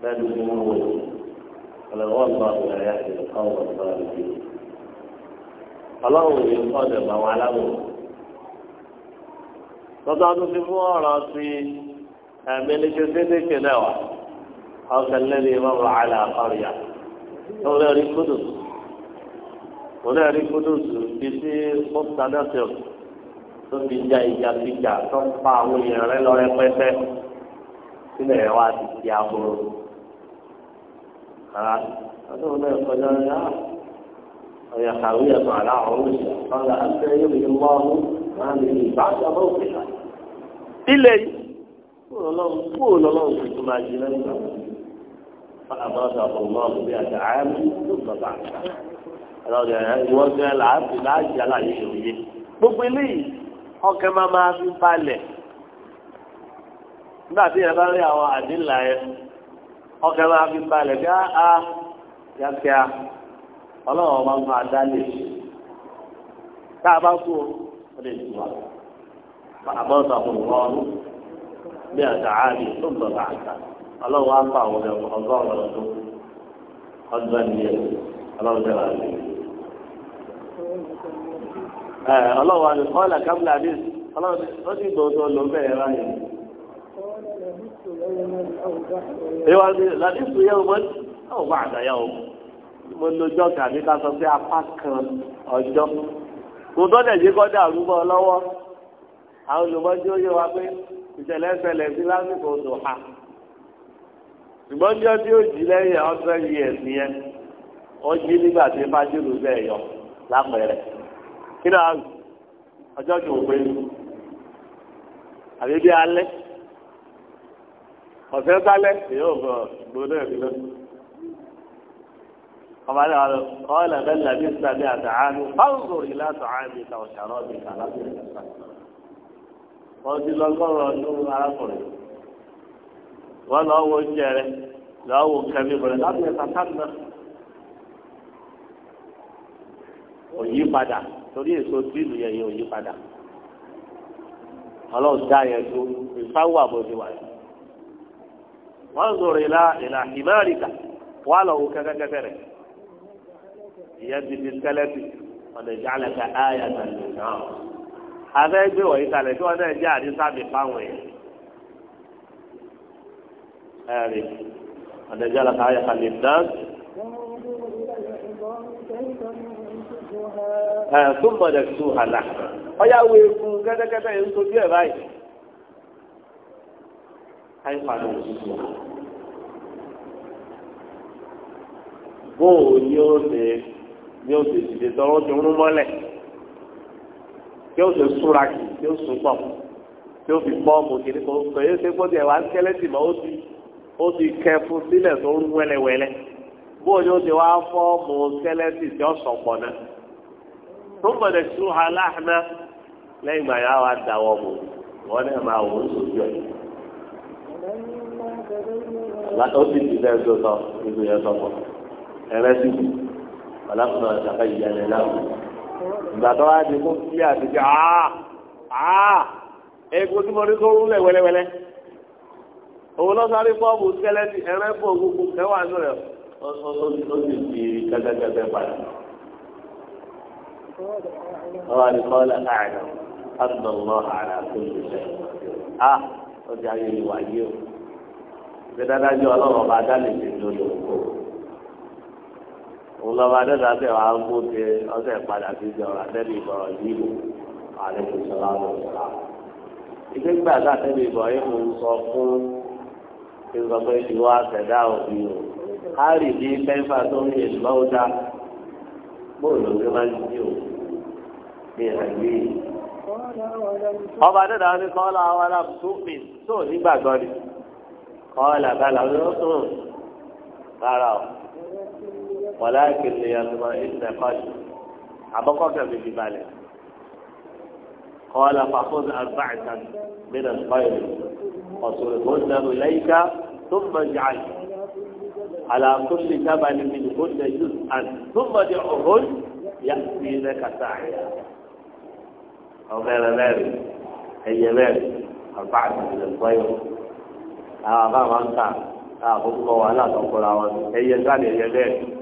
Speaker 1: bẹ́ẹ̀ ló ti mú wò ọ̀lẹ́wọ̀n bá ọ̀rẹ́ àti ọ̀pọ̀ ọ̀pọ̀ ọ̀pọ̀ ọlọ́run ò ní kọ́ ọ̀dọ̀ bá wọn aláwọ̀. tọ́tọ́ tó ti mú ọ̀rọ̀ sí ẹ̀mẹ́lẹ́sẹ̀ sédèké náà wá ọ̀sẹ̀ lẹ́lẹ́ ìmọ̀mọ̀ àlà ọ̀rìyà lórí ẹ̀rí kúdùs lórí ẹ̀rí kúdùs fi sí mọ́tàdásíọ̀ tó fi ja ìjà fìjà tó ń pa àwọn èèyàn rẹ lọ rẹpẹtẹ sílẹ̀ rẹ wá ti di àbúrò. Àrà ọdún náà kọjá rẹ̀ náà. Ah, وهي حاوية على عروشها قال حتى يبني الله هذه بعد موتها إلي قول الله كنت ما جنبنا فأماته الله مئة عام ثم بعدها wọ́n gbé làásì láàjì aláìṣe òye gbogbo eléyìí ọkẹ máa máa fi balẹ̀ nígbà tí yẹn bá rí àwọn àdínlà yẹn ọkẹ máa fi balẹ̀ bí a kíákíá ọlọ́run ọba máa dá tá a bá kú ó lè tù wá àbọ̀ sàkùn lọ́ọ́nù bí àtà áàbì tó ń bọ̀ àtà ọlọ́run á pa àwọn ọgọ́rùn-ún ọdún ọdún ẹni ẹ̀ ọlọ́run tẹ̀lé àlè.
Speaker 2: ọlọ́run àti kọ́lá
Speaker 1: kábílà ní ọlọ́run ya. lọ bẹ́ẹ̀
Speaker 3: ìwádìí
Speaker 1: mo lójọ́ tàbí ká sọ pé apá kan ọjọ́ kò tọ́lẹ̀ yìí kọ́ dàrú bọ́ lọ́wọ́ àwọn olùmọ́jú ó yẹ wa pé ìṣẹ̀lẹ̀ ṣẹlẹ̀ sí lásìkò ọdún ha ṣùgbọ́n ní ọdún òjì lẹ́yìn ọ̀sẹ̀ yìí ẹ̀sìn yẹn wọ́n jí nígbà tí fájúlù bẹ́ẹ̀ yọ lápẹ̀rẹ̀ kí ni àwọn ọjọ́ tó gbé àbí bí alẹ́ ọ̀sẹ̀ sálẹ̀ yóò gbọ́ gbóná ẹ̀mí lọ́sùn. ọba náà lọ ọ̀là bẹ́ẹ̀ làbí sàbí àtàánú fáwọn ìlà àtàánú ìta ọ̀ṣàrọ̀ ní kàlábì wọ́n ti lọ́gọ́rọ̀ ọdún arákùnrin wọ́n lọ́ oúnjẹ rẹ lábẹ́ sàtánà torí èso dínú yẹn yẹn yẹn tó ìfáwọ́ ìlà ìlà lọ ìyẹn ti di skẹlẹtì ọ̀dẹ̀ ìjà lẹ́ka ayé àtàlẹ̀ náà. abẹ́ gbé wọ̀nyí kalẹ̀ tí wọ́n náà jẹ́ àdísábì fáwọn yẹn. ẹ̀rì ọ̀dẹ̀ ìjà lẹ́ka ayé àtàlẹ̀ náà. ẹ̀ tó mọ̀dẹ̀ tó hàlà ọ̀yá wo ekun kẹ́tẹ́kẹ́tẹ́ yìí ń sojú ẹ̀ báyìí. ayé pàdé òṣìṣẹ́ bóò ni ó bí ó sì dìde tọrọ ti ń mọ́lẹ̀ tí ó sì súra kì tí ó sùn pọ̀ tí ó fi bọ́ọ̀mù kìíní kò kòye ṣe kó tiẹ̀ wá ń kẹ́lẹ́ tì mọ́ ti ó ti kẹ́ fún sílẹ̀ tó ń wẹ́lẹ́wẹ́lẹ́ bó ni ó ti wá fọ́ọ̀mù kẹ́lẹ́ tì tí ó sọ̀pọ̀ náà tó ń bọ̀dẹ̀ sùn aláàánà lẹ́yìn ìgbà yà wá dáwọ́ mọ́ wọ́n náà máa wò ó sójú ẹ̀
Speaker 2: ó ti dìde ẹ̀
Speaker 1: tó sọ ìgbìyànjú ọ̀pọ̀ ẹ̀rẹ́ sí i ọlọ́pàá ọ̀sàkà ìyàlẹ̀ láwù ìgbà tó wá di fún kí àtijọ́ àá àá egbò tí mo rí kó rú lẹ̀ wẹ́lẹ́wẹ́lẹ́ òun lọ sáré fọ́ọ̀mù skẹlẹ́tì ẹ̀rẹ́ fún ògùnkùn kẹwàá nù rẹ̀ ó sì fi gẹ́gẹ́gẹ́gẹ́ padà.
Speaker 2: ọwọ́ àdìkọ́lá àìnà
Speaker 1: àdùnnà àrà tó ń bẹ̀rẹ̀ a ó di ayé ìwà yìí o ìgbẹ́dájọ́ ọlọ́run ọba dá ọlọ́ba dẹ́gbà bẹ́ẹ̀ wá gbó tẹ ọsẹ̀ padà sí ìjọba tẹ́lẹ̀ ìbọ̀rọ̀ yìí lò àlejò sọlá lọ sọlá. ìgbégbà náà tẹ́lẹ̀ ìbọ̀ yìí mò ń sọ fún ìgbàgbọ́ ìdíwọ́ àtẹ̀dá òbí o. a rì ní pẹ́ńfà tó ń yè lọ́wọ́dá bóòlù ló máa ń jí o ní ẹ̀rí. ọba dẹ́gbà ní kọ́lá àwọn aláàbùsùnmí tó nígbàgbọ́ ni kọ́lá bá làwọn ọ̀rọ̀ rárá o wàláàkìn lè yàtọ̀ ìlẹ̀ kọ́lù àbọ̀kọ́ kẹ̀mí fi balẹ̀ kọ́lá fàkóso àgbàtàn mìíràn kọ́lù ọ̀sùn ìgbóndàmù lẹ́yìnká tó mọ̀ jàlù àlàkùnlé tábàlì mi ìgbóndà yìí àti tó mọ̀ jẹ òhún yà sí ilẹ̀ kàtà àyà ọ̀bẹ̀rẹ̀ mẹ́rin ẹ̀yẹ mẹ́rin àgbàtàn mìíràn kọ́lù àwọn àbá máa ń kà àwọn àkókò wàhálà tó kọ́ra wọn ẹ̀yẹ gbàdé ẹ̀yẹ mẹ́rin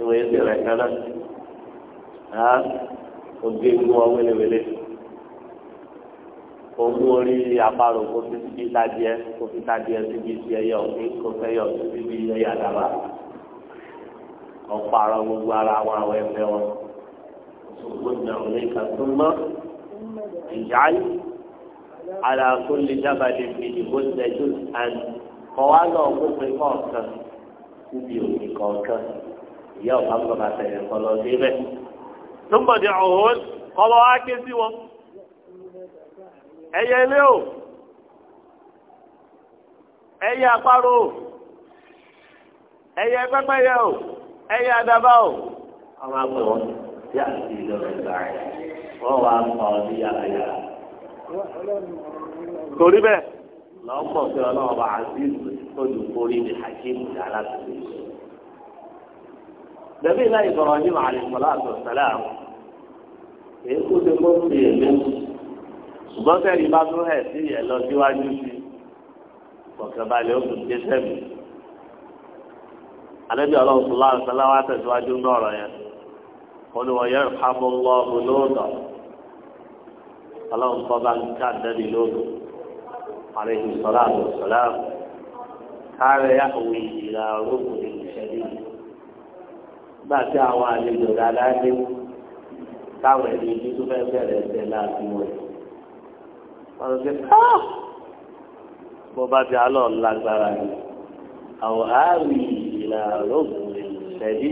Speaker 1: ìwé ẹsẹ̀ rẹ̀ kan náà á oge ń wọ wéléwélé òun orí àparò kó fi síbi tadìẹ kó fi tadìẹ síbi ti ẹyẹ òfin kó fẹyẹ òfin síbi ẹyẹ àdàbà ọ̀pàrọ̀ gbogbo ara wọn àwọn ẹgbẹ́ wọn ṣùgbọ́n àwọn ẹ̀ka tó mọ́ ìyáyí alákòólé dábàdé bìí bó ṣe jù àná kọ́wá náà kó pe kọ̀ọ̀kan síbi òfin kọ̀ọ̀kan ìyá ọ̀pá ń bọ̀ bá tẹ̀lé kọ́ lọ sí bẹ́ẹ̀. tó ń bọ̀ di ọ̀hún kọ́lọ́ wá ké sí wọn. ẹyẹ ilé o ẹyẹ àparò o ẹyẹ pẹ́pẹ́yẹ o ẹyẹ àdàbà o. àwọn àgbẹ̀ wọn ti àti ìjọba ìgbà wọ́n wá ń pa ọ ní yàrá yàrá. bẹ́ẹ̀ lọ́pọ̀ sí ọlọ́run bá àzíz olùkórí ní hakeem ní alákùnrin dàbí ilá ìbọ̀rọ̀ ní màálí sọlá àti ọ̀sẹ̀lá èyí kú ti mú sí èmi ṣùgbọ́n sẹ́yìn bá tún hẹ̀ sí ẹ̀ lọ síwájú sí kọ̀kẹ́balẹ̀ ó tún dé sẹ́mi alẹ́bí ọlọ́run sọlá ọ̀sẹ̀lá wa tẹ̀síwájú lọ́rọ̀ yẹn wọn ni wọ́n yẹ ìhámọ́ lọ́ọ̀bù lóòótọ́ ọlọ́run kọ́ bá ń ká dẹ́bi lóòótọ́ àlejò sọlá àti ọ̀sẹ̀lá káàrẹ̀ yà òwe ìlà rògbòdì gbà tí àwọn àlejò dáadáa dé táwọn ẹni ibi tó fẹ́ bẹ̀rẹ̀ ẹsẹ̀ láti wọ̀ ẹ̀. wọ́n ti ká ah! bó bá ti àlọ́ lágbára ni àwọn àárín ìlà rògbòn ìṣẹ́bí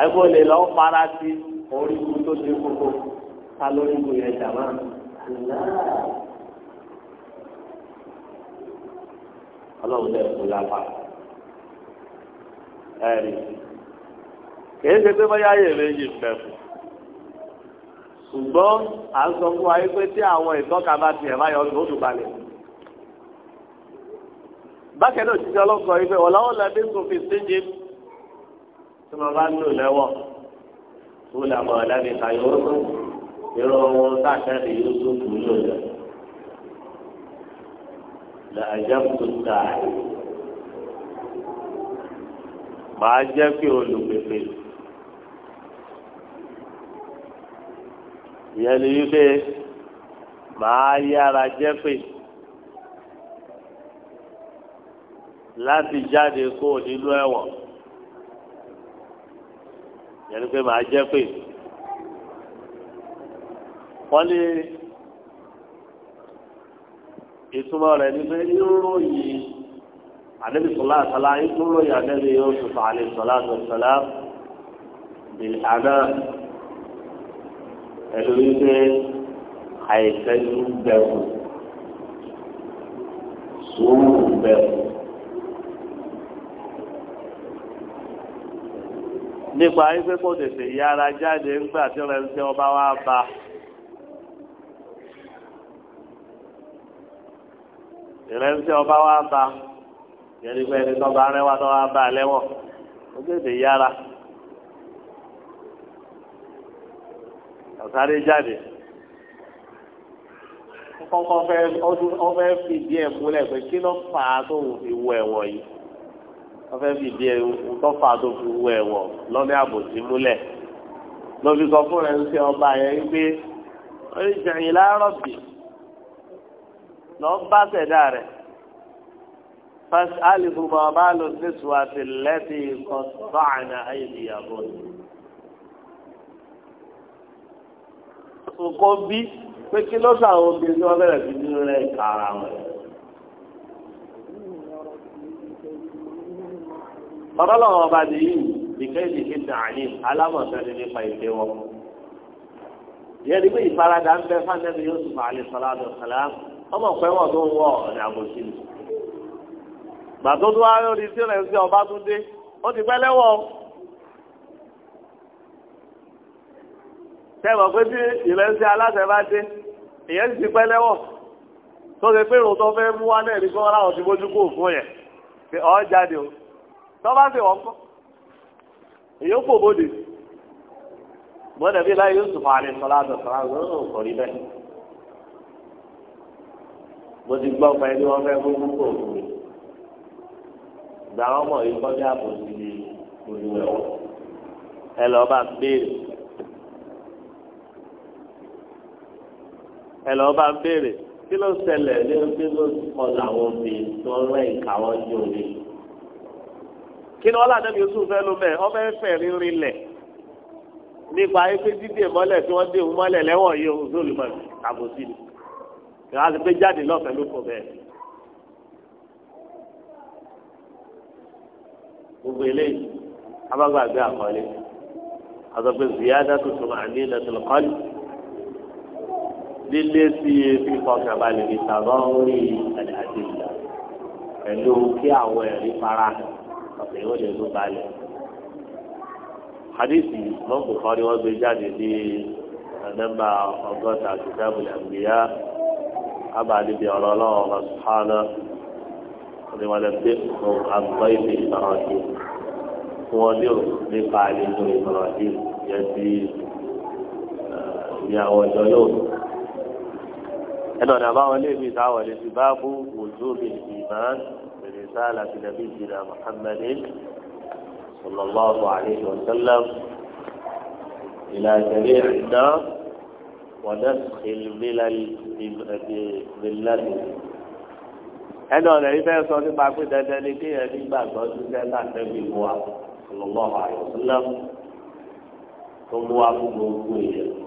Speaker 1: àìbò lè lọ́ fara sí orí kú tó ti kókó ta lórí kú yẹn jàmá. ọlọ́run lè lápá. ẹ̀rí kìí ṣe pé bóyá ayé rẹ yìí fẹ́ fún ṣùgbọ́n à ń sọ fún wa pé tí àwọn ìtọ́ka bá tiẹ̀ bá yọ ọdún ó dùn balẹ̀. bákẹ́ náà jíjẹ́ ọlọ́sọ yìí pé ọ̀làwọ̀ làdé sòfin síje tí wọ́n bá ń lò lẹ́wọ̀ tó làmọ̀ ọ̀dàbí kàyọ̀ ọ̀sán irú wọn sáàkẹ́ lè yóò tó màá jẹ́ pé olùpèpè. ìyẹn lè yí pé màá yára jẹ́ pé láti jáde kó nínú ẹ̀wọ̀n ìyẹn ni pé màá jẹ́ pé wọ́n lè ìtumọ̀ rẹ̀ ni pé ìròyìn àdébí sọlá àtàlá ìròyìn àdébí yóò sọ̀tà àlè sọlá àtàlá àná pẹ̀lú wípé àìsẹ́jú bẹ̀rù
Speaker 2: sùúrù bẹ̀rù.
Speaker 1: nípa wípé kò tètè yára jáde ńgbà tí ọ̀rẹ́ tí ọba wa bá. ìrẹsì ọba wa bá yẹn ẹni tó bá rẹwà tó bá lẹ́wọ̀n ó tètè yára. sáré jáde kọ́kọ́ fẹ́ ọfẹ́ fìdí ẹ̀ múlẹ̀ pé kí ló fà á tó fi wọ ẹ̀wọ̀ yìí ọfẹ́ fìdí ẹ̀ tó fà á tó fi wọ ẹ̀wọ̀ lọ́dẹ àbòsí múlẹ̀ lọ́bi sọ fún rẹ̀ ṣe ọba yẹn wípé oríṣiríṣi láàárọ̀ bì lọ́ọ́ bá tẹ̀dá rẹ̀ fásitì alìfùmọ̀ ọba lọ sí ìṣúwàsí lẹ́tì kọ́ńtàánà ayélujára bọ́ọ̀lù. nǹkan bí pé kí lọ́sọ̀ àwọn obìnrin wọn bẹ̀rẹ̀ sí ní rẹ̀ ìka ara wọn. bàbá làwọn ọba dè yìí ìkẹ́ ìdíje dàní alámọ̀sẹ́ni nípa ìdè wọn. ìyẹn ni pé ìfaradà ń bẹ fáńdẹ́bí yóò sùn fàálẹ̀ sọlá àdọ̀sálá ọmọ pẹ́wọ̀n tó ń wọ ọ̀nà àbòsí ni. gbàtó tó wá rí sí rẹ̀ sí ọba tó ó ti pẹ́ lẹ́wọ̀n tẹ́wọ̀ pé bí ìrẹsì aláṣẹ bá dé ìyẹn ti pẹ́ lẹ́wọ̀ tó ṣe pé ìrùn tó fẹ́ mú wá náà ní kọ́ láwọn ti bójú kó òfin yẹn pé ọ́ jáde o tó bá sì wọ́n kọ́ èyí ó pò bóde mọ́nàbí láyé Yusuf àlẹ́ sọlá àdọ̀sọ̀rọ̀ àwọn ọ̀rọ̀ kò rí bẹ́ẹ̀ mo ti gbọ́ pé ẹni wọ́n fẹ́ gbógun kó òfin mi gbà wọ́n mọ̀ yìí kọ́ bí àbòsí olùwẹ̀wọ̀ ẹ lọ́ọ́ bá ń béèrè. ẹlọ bá ń béèrè kí ló ṣẹlẹ̀ ní ojú ló kọ làwọn obìnrin tí wọ́n rẹ̀ ìka wọn ní òní. kí ni wọ́n là débi oṣù fẹ́ ló bẹ̀ ọmọ ẹ̀fẹ̀ rírí lẹ̀ nípa ẹgbẹ dídè mọ́lẹ̀ tí wọ́n dé òun mọ́lẹ̀ lẹ́wọ̀n yìí òun ló àbòsí ni ìyá ti gbé jáde lọ́fẹ̀ẹ́ ló kọ bẹ́ẹ̀. gbogbo eléyìí abágbàgbé àkọlé àtọ̀gbẹ́ ziyada tó tó máa ní lílé sí fífọkànbalẹ̀ ìtàgọ́ orí àti ìlà pẹ̀lú kí àwọn ẹ̀rí fara ọ̀pẹ̀ yóò lè ló balẹ̀. hadithi mọ́kù kan ni wọ́n gbé jáde ní eh, nọ́mbà ọgọ́ta kitabul anbiya abàdí bíi ọ̀rọ̀ ọlọ́wọ́ ọba sùhánà ni wọ́n lè gbé fún àgbọ̀ ìpè ìtọ́rọ̀dì fún wọn ní òun nípa àlejò ìtọ́rọ̀dì yẹn ti eh, ìyàwó ọjọ́ yóò ẹlọ́ni àbáwọlé mi ìdáwọlé ti báàbù wòzóbi ìmán ìrìnsá àlàfi nàbí ìjìnà muhammed sallallahu alayhi wa sallam ìlà ìtẹ̀lé ìdá wọ̀dẹ́sìlì mílíọ̀nù ẹlọ́ni ẹ̀rí fẹ́ sọ nípa pé dandan ni kéèyàn nígbàgbọ́ sísẹ́ látẹ̀bí wa sallallahu alayhi wa tó mú fún gbogbo èèyàn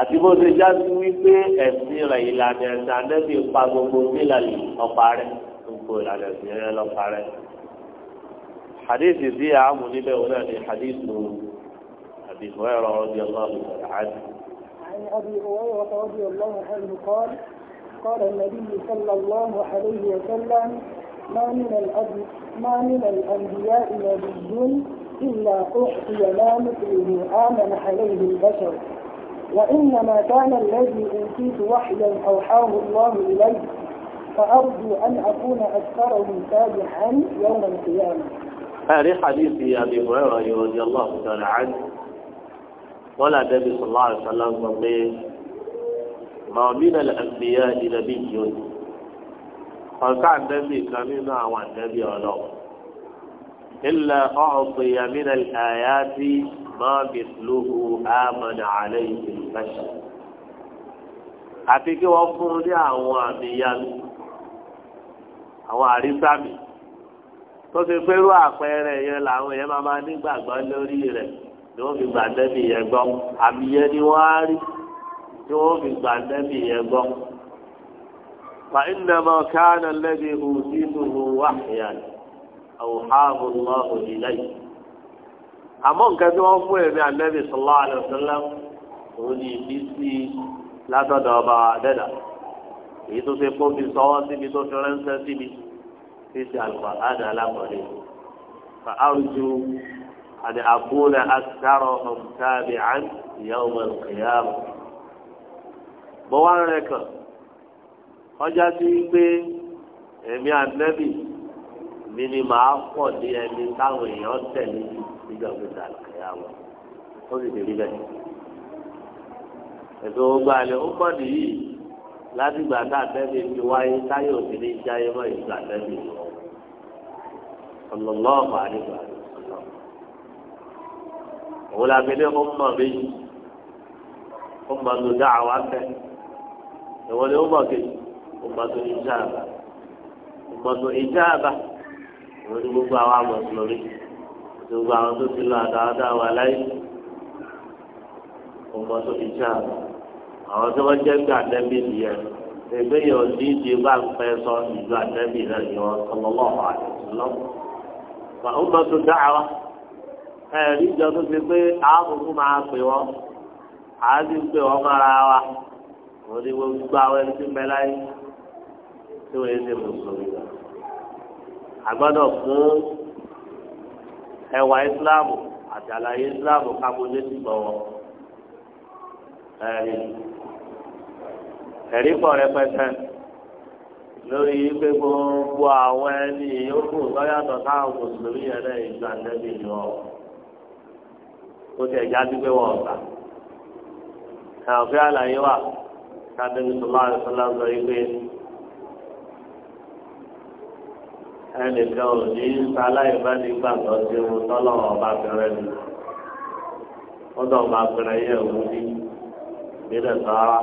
Speaker 1: àti bó ṣe já sí wípé ẹ̀sìn rẹ̀ ìlànà ẹ̀sìn anẹ́bí pa gbogbo mílàlì ọ̀pá rẹ̀ gbogbo ìlànà ẹ̀sìn rẹ̀ lọ́pá rẹ̀. hadith bí àmú níbẹ̀ wọn náà ni hadith nù àbí ìfọwọ́rọ̀ ọdí ọlọ́run ọ̀rọ̀ àdì.
Speaker 3: عن ابي هريره رضي الله عنه قال قال النبي صلى الله عليه وسلم ما من ما من الانبياء نبي الا اعطي ما مثله امن عليه البشر وإنما كان الذي أوتيت وحيا أوحاه الله إلي فأرجو أن أكون أكثرهم تابعا يوم القيامة
Speaker 1: هذه حديث أبي هريرة رضي الله تعالى عنه ولا النبي صلى الله عليه وسلم ما من الأنبياء نبي فكان النبي كان من النبي الله إلا أعطي من الآيات ما مثله آمن عليه البشر àti kí wọ́n fún ní àwọn àmì àwọn àrísàmì tó ti pé àpẹẹrẹ yẹn làwọn èèyàn máa máa nígbàgbọ́ lórí rẹ̀ ni wọ́n fi gbà dẹ́bi yẹn gbọ́ àmì ni wọ́n á rí tí wọ́n fi gbà yẹn wa àwòháàbò máa ò ní láyé àmọ́ nǹkan tí wọ́n fún ẹ̀mí ànábì sọlá àlọ́sọ́lá òun ni ìbí sí látọ̀dọ̀ ọba àdẹ́dà èyí tó ṣe kó fi sọ́wọ́ síbi tó fi ránṣẹ́ síbi tí ṣe àlùfà láti alákọ̀ọ́lẹ̀ fa àrùjù àti àbúlẹ̀ àkàrọ̀ ọ̀mùtàbí àn ìyàwó mẹ́rìnkìyàmù. bọ́wá rẹ̀ kàn ọjà sí pé ẹ̀mí ànábì mi ni màá pọ̀ ní ẹni táwọn èèyàn tẹ̀lé nígbà gbèsè àlàyé àwọn ó sì ti rí bẹ́ẹ̀. ẹ̀sùn ogun àlè ó pọ̀ nìyí látìgbà tá àtẹ́bí ti wáyé táyé òsì ní jáyé mọ́ ìgbà àtẹ́bí lọ. ọ̀lọ́lọ́ọ̀mù àdìgbà òun la fi ní ọmọ méjì ọmọ tó dá àwa fẹ́ ìwọ ni ó mọ̀ kejì ọmọ tó ìjáàbá ọmọ tó ìjáàbá àwọn ní gbogbo àwọn amọ̀sùlùmí àti gbogbo àwọn tó ti lọ àdáadáa wà láyé ọmọ tó ti jà àwọn tó wọ́n jẹ́ gbà dẹ́bì nìyẹn ẹgbẹ́ yẹn ò ní ìdí bá ń pẹ́ sọ ìlú àdẹ́bì náà ni wọ́n sọ lọ́wọ́ àdìsílọ́. àwọn ọmọ tó dá wa ẹ̀rí ìjọ tó ti pé àákùnkùn máa pè wọ́n àádì ń pè wọ́n mára wa òní gbogbo àwọn ẹni tí ń bẹ láyé tí wọ́n yé ṣe mùsùlùmí náà agbọ́dọ̀ fún ẹwà ìsìláàmù àti àlàyé ìsìláàmù kábọ̀dé ti bọ̀ wọ́n ẹ̀rí ẹ̀rí pọ̀ rẹpẹtẹ lórí pé gbogbo àwọn ẹni yòókù lọ́yàtọ̀ táwọn mùsùlùmí yẹn náà ìgbà nẹ́bí ni wọ́n ó ti ẹ̀já dúpẹ́ wọn ọ̀gá ẹ̀rọ fẹ́ àlàyé wà ká débi sọlá àti sọ yí pé. ẹnìkan ò ní sáláì bá ní gbàgbọ́ sí ohun tọ́lọ́wọ́ ọba bẹ̀rẹ̀ ni wọ́n tọ́ ọba bẹ̀rẹ̀ yẹ òun ní ìbílẹ̀ sọ́ra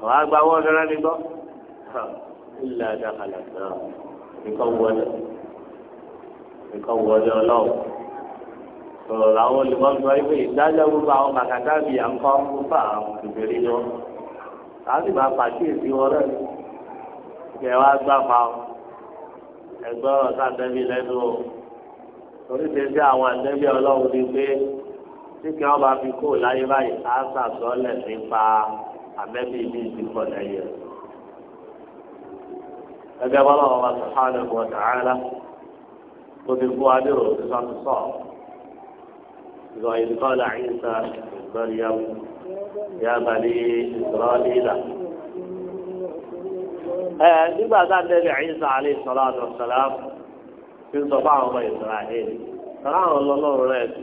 Speaker 1: wọ́n á gba wọ́n rẹ́rẹ́ ní gbọ́ ilẹ̀ àdàkàlà náà nìkan wọlé nìkan wọlé ọlọ́wọ́ sọ̀rọ̀ làwọn olùmọ̀sọ ibi ìdájọ́ gbogbo àwọn kàkàtà bíi à ń kọ́ fúnfà àwọn ìbèrè lọ láti máa pàkíyèsí wọn náà kẹ gbà pa ẹgbẹ́ ọ̀rọ̀ tá àtẹ́bí lẹ́nu o oríṣiríṣi àwọn àtẹ́bí ọlọ́run ni pé tí kí wọ́n bá fi kó láyé báyìí á sàtọ́lẹ̀ nípa àmẹ́bí mi ti pọ̀ lẹ́yìn rẹ̀. ẹgbẹ́ bọ́lá wọn sọ̀hánù wọn tààrà ó ti fún adéwò ti sọ ìrọ̀ ìdíkọ́ làyín sa ìgbọ́n yá bàlí ìsọ̀rọ̀ nílà nígbà tá a tẹ́lẹ̀ Ìsá alayhi salatu wa salam fi ń sọ fún àwọn ọmọ Israel sọ̀rọ̀ àwọn ọlọ́run rẹ̀ sí.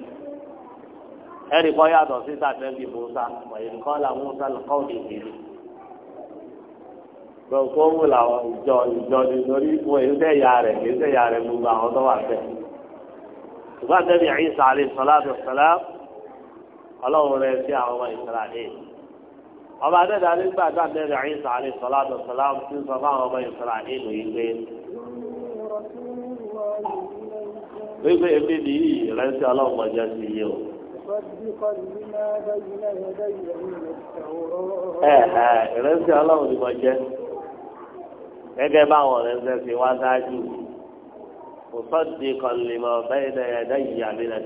Speaker 1: ẹnì kan yàtọ̀ sí sàtẹ́bí Musa wàyí kọ́ la Musa lọ́kọ́ òde ìdílé. gbọ̀ngàn wò làwọn ìjọ ìjọ ni lórí wọn èyí tẹ̀ ya rẹ̀ èyí tẹ̀ ya rẹ̀ gbogbo àwọn tó wà tẹ̀. ṣùgbọ́n tẹ́lẹ̀ Ìsá alayhi salatu wa salam ọlọ́run rẹ̀ sí àwọn ọmọ Israel ọba dẹ́dà nígbà tá a bẹ̀rẹ̀ àyíṣà àlẹ́ sọlá tó sọlá tí ń sọ fáwọn ọmọ ìsọlá nínú yìí pé
Speaker 3: wípé èmi nìyí ìrẹsì ọlọ́mọ jẹ́ sí iye o. ìrẹsì ọlọ́run ni mo jẹ́
Speaker 1: gẹ́gẹ́ báwọn ìrẹsì ti wá dájú kò sọ́ọ̀dì kan lè mọ bẹ́ẹ̀ náà ẹ̀dá ìyá mi lè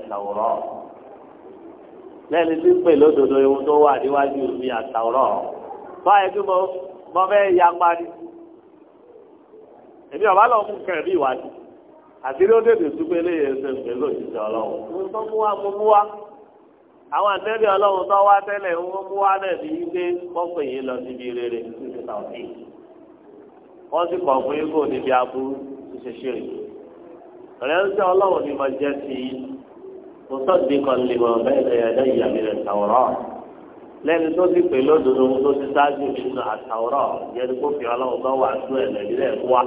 Speaker 1: lẹ́ni tí ń pè lódodo ewu tó wà níwájú mi àtàwọ̀rọ̀ báyìí tí mo mo fẹ́ ya parí èmi ọ̀bá lọ mú kẹrin bí ìwádìí àti ló dèdè súpé léyè ẹsẹ ìpè lòdìsí ọlọ́run mo tó mú wa mo mú wa àwọn àtẹ́bí ọlọ́run tó wá tẹ́lẹ̀ ń mú wa náà ní ilé kọ́pẹ́ yìí lọ síbi rere síbi tàwọn wọ́n sì kọ̀ fún yín níbi aburú ṣíṣe ṣe rè ọ̀rẹ́ ń sẹ́ ọlọ́run ni mo jẹ́ sí i. مصدقا لما بين يدي من التوراة lẹ́ni tó ti pè lódodo tó ti ṣáájú nínú àtàwọ̀rọ̀ yẹni kó fi ọlọ́run bá wà tó ẹ̀ lẹ́yìn rẹ̀ wá.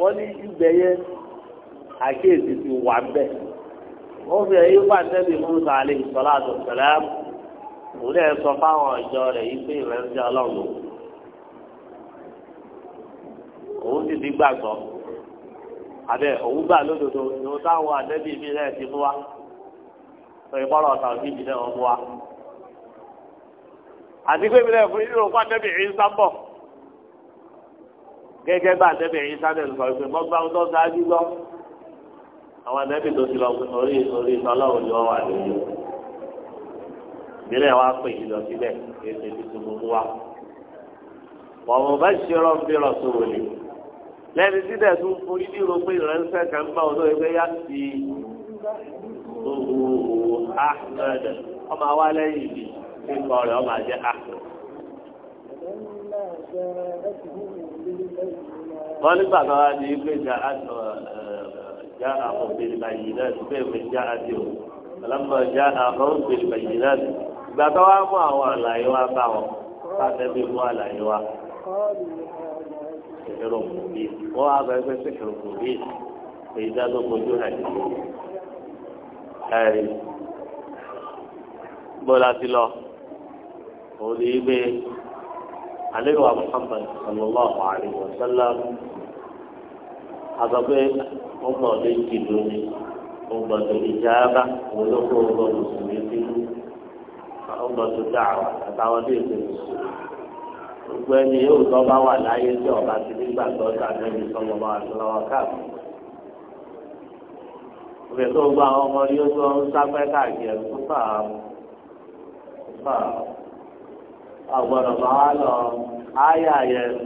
Speaker 1: wọ́n ní ibẹ̀ yẹn àkéèsì ti wà bẹ́ wọ́n fi ẹ̀yìn bá tẹ́lẹ̀ Musa alayhi salatu salam òun náà sọ fáwọn ọ̀jọ́ rẹ̀ yìí pé ìrẹsì ọlọ́run lòun òun sì ti gbàgbọ́ àbẹ òun gbà lódodo ìwọ táwọn àdẹ́bí mi náà ti mú wa lórí bọ́lá ọ̀tà òbí mi náà mú wa. àti pé mi náà fún yíyọ fún àdẹ́bí yìí sábọ̀ gẹ́gẹ́ bá àdẹ́bí yìí sábẹ̀ sọ pé mo gbà ọdọ́ sáájú lọ àwọn àdẹ́bí tó ti lọ orí orí ìtọ́lọ́wọ́ ni wọ́n wà lórí ìbílẹ̀ wa pè yìí lọ síbẹ̀ kí ẹ ti tuntun mú wa. wọ́n mú bá ṣe rọ́ọ̀bì lẹ́ni tí dẹ̀ tún forí ní ìròpé ìránṣẹ́ kan bá ọ̀dọ́ ẹgbẹ́ yá sí òhòhò ahmed ọmọ àwa lẹ́yìn ìdí nípa rẹ̀ ọmọ àjẹ́ ahmed. wọ́n nígbà kan wá ní ìgbé ìjà já àwọn òbèrè báyìí náà ti bẹ́ẹ̀ fi já àti o ọlọ́mọ já àwọn òbèrè báyìí náà ti ìgbà tó wá mú àwọn àlàyé wa bá wọn bá tẹ́lẹ̀ mú àlàyé wa
Speaker 3: ìṣòro kò bí
Speaker 1: wọ́n á bẹ̀rẹ̀ pé ìṣòro kò bí èyí dáadọ́ kojú rẹ̀ ẹ̀rí gbọ́dọ̀ ti lọ òun ni wípé àlejò Muhammad sallallahu alaihi wa sallam àgbàgbé ọmọ méjì lónìí ọmọ tó ìjàmbá olóko ọmọ mùsùlùmí sí ọmọ tó dáhùn àtàwọn tó ètò mùsùlùmí. gbogbo ẹni yóò tọ́ bá wà ọba ti nígbà tó sàdébi sọmọ bá wà lọ́wọ́ káàkiri. Òbẹ̀ tó gba àwọn ọmọ yóò tó ń sápẹ́ káàkiri ẹ̀kú fà á fà á gbọ́dọ̀ bá wà lọ ayé ayẹ yóò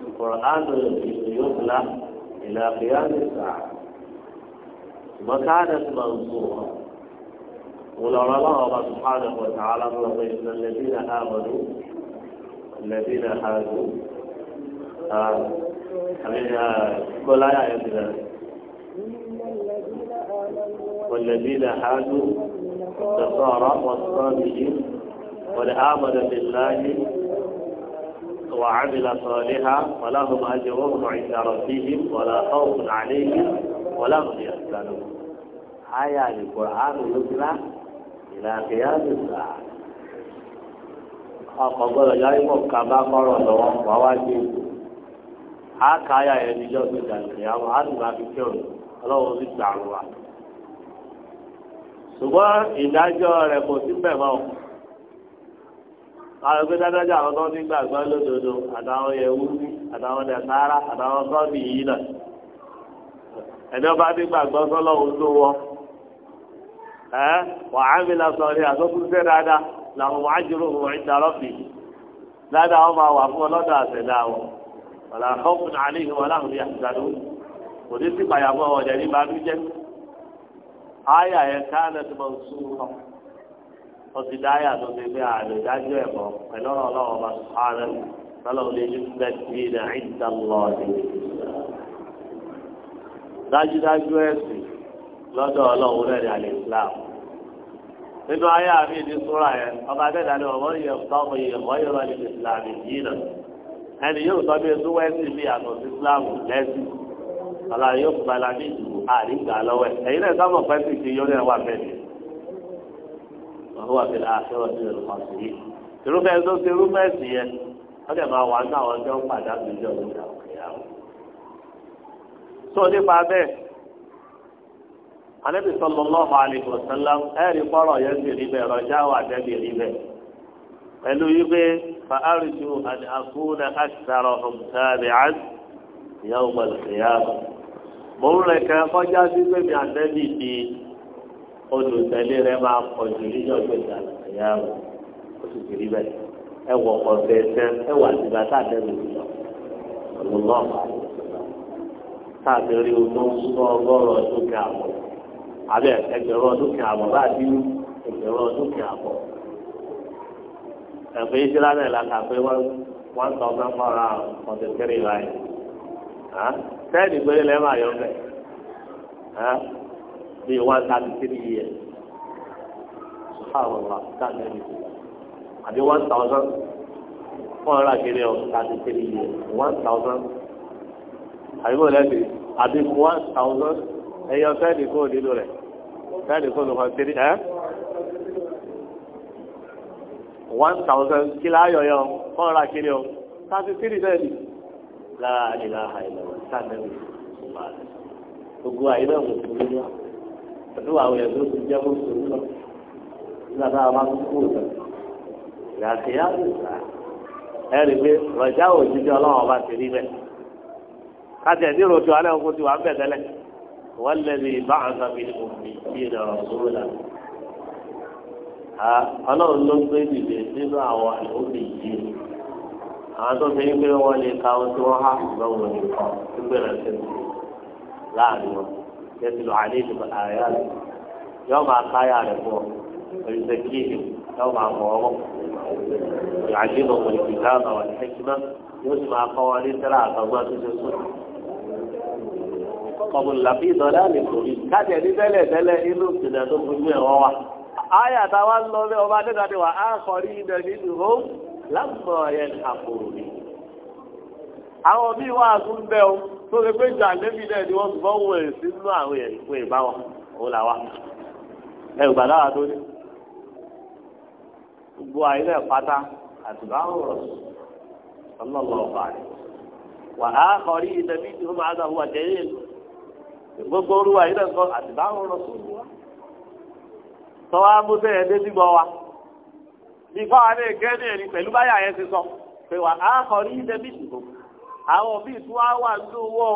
Speaker 1: Ṣùgbọ́n ti máa ń wọn. tó الذين هاجوا آه كلايا يدنا
Speaker 3: والذين هاجوا النصارى والصابئين
Speaker 1: والآمن بالله وعمل صالحا ولهم أجرهم عند ربهم ولا خوف عليهم ولا هم يحزنون آية القرآن يتلى إلى قيام الساعة ọkọ̀ gbọ́dọ̀ yáyé mọ̀ bá kọ́rọ̀ lọ́wọ́ wá wá sí èkó dàgbé àwọn fi kí ọlọ́wọ́ sì gbà rù ṣùgbọ́n ìdájọ́ rẹ̀ kò sí bẹ̀ àwọn ẹgbẹ́ àwọn tó ń gbàgbọ́ lódodo àtàwọn àtàwọn dẹ̀sára àtàwọn yìí gbàgbọ́ tó dáadáa làwọn wàá jòrò wọn ìdá rọ́bì ládàá wọn máa wà fún ọlọ́dọ̀ àtẹ̀dá wọn wàlà àkọ́kùn àlẹ́ ìhìn wọn láwọn ìyá ìdàdó kò ní sí pàyàmọ́ ọ̀dẹ̀ ní bàbí jẹ́ àyà yẹn káàlẹ̀ tó máa ń sún wọn ọtí dáyà tó ti fi àlè dájú ẹ̀ mọ́ pẹ̀lú ọ̀rọ̀ bá sọ̀rọ̀ lọ́lọ́wọ́ lè ní bẹ́tì ní àìdá lọ́ọ̀dì. dájúdájú ẹ̀sìn lọ́dọ̀ ọlọ́wọ́ rẹ̀ ní àlè Islam nínú ayé àmì ní súra yẹn ọba adẹ́dà ni ọmọ yẹ ọmọ yẹ ọmọ yẹ ọmọ yẹ ìsìlámù yìí nà ẹni yóò sọ bí ẹsùn wẹ́ẹ́sì bí àtọ̀ sí ìsìlámù lẹ́sìn ọ̀la yóò fún bala ní ìlú àrígbà lọ́wọ́ ẹ̀ ẹ̀yin náà sábà pẹ́ẹ́sì ti yọ náà wà bẹ́ẹ̀ ni wọ́n wà bẹ́ẹ̀ àṣọwọ́ sí ẹ̀rọ yẹn wọ́n dẹ̀ máa wà ní àwọn ọjọ́ pàdánù ìjọ ìjọ ìjọ anabi sallallahu alayhi wa sallam ẹ̀rí kọ́rọ̀ yẹn ti rí bẹ́ẹ̀ rọjá wà dẹ́bi rí bẹ́ẹ̀ pẹ̀lú wípé fa arju an akuna akthara hum tabi'an yawm al-qiyamah mo ń rẹ̀ kẹ́ kọjá sí pé mi àtẹ́bí ti olùtẹ̀lé rẹ̀ máa pọ̀ jù níjọ́ gbẹ̀dà ìyáwó ó sì ti rí bẹ́ẹ̀ ẹ wọ abẹ ẹgbẹ̀rún ọdún kìí bá dín ẹgbẹ̀rún ọdún kìí àbọ̀ ẹgbẹ́ la kà pé one thousand four hundred forty three line sẹ́ẹ̀dì pé lẹ́ẹ̀mà yọ bẹ̀ bíi one thirty three years subhanallah káàdì ẹ̀mí àbí one thousand four hundred kiri ọ̀ thirty three years one thousand àbí mo lẹ́bi àbí one thousand ẹ̀yọ sẹ́ẹ̀dì kó o nílò rẹ̀ káàdì kó ló kọ́ sí ẹ́ one thousand kìlá ayọ̀yọ̀ kọ́ra kiri o thirty three sẹ́ẹ̀lì láàrin láàrin lọ́wọ́ sáàdẹ̀wì ọba gbogbo àyẹ̀wò mùsùlùmí ni wà pẹ̀lú àwọn ẹ̀dọ́ tó jẹ́ mùsùlùmí lọ nígbà tá a máa tún kú lọ ìyàtì yá ló sà ẹ rí i pé rọjá òjijì ọlọ́run ọba ti rí bẹ́ẹ̀ kájẹ̀ nírò tí wàá lẹ́wọ̀n kó ti wà ń bẹ̀ tẹ́lẹ̀. والذي بعث بالأميين رسولا ọlọ́run ló ń gbé dìde nínú àwọn ìhóbi yìí àwọn tó fi ń gbé wọn lè ka ohun tí wọ́n há ṣùgbọ́n wọn lè kọ́ tó gbéra sẹ́yìn láàrin wọn yẹtù lọ àlẹ́ ìdìbò ààrẹ rẹ yóò máa káyà rẹ fún ọ òyìnbó kíkì yóò máa mọ̀ ọ́ ìyàgbé lọ́wọ́ ìgbìkà àwọn ìṣẹ́kímá yóò sì máa kọ́ wọn ní sẹ́lá àtọ́gbọ́n tó ṣe sùn ọ̀bùn làbí ìdọ̀lẹ́ àlè kò rí káàdì ẹni tẹ́lẹ̀ tẹ́lẹ̀ inú ìpìlẹ̀ tó fojú ẹ̀ wọ́n wa. ayé àtàwa ń lọ bẹ́ẹ̀ ọba nígbà tí wà á kọ rí ibẹ̀ nínú hó lágbọ̀ yẹn àkòrò mi. àwọn míì wà á tún bẹ́ o tó lè pé jà lẹ́bi náà ni wọ́n gbọ́ wọ̀ ẹ̀ sínú àwọn ìwé ìbá wọn òun là wa. ẹ ò gbàdá tó ní. gbogbo àyè náà pátá àtùbá ọ̀rọ̀ sọ́lọ́lọ́ wà gbogbo olúwa yìí náà kọ́ àtìbáwọn lọ sóòlù wa tọ́wọ́ amúṣẹ́ yẹn dé sígbọ́ wa bí fáwọn náà gẹ́ ní ẹ̀rí pẹ̀lú báyà yẹn ti sọ pé wà á kọ ní ilé bí ìdìbò àwọn òbí tí wọ́n á wà ní owó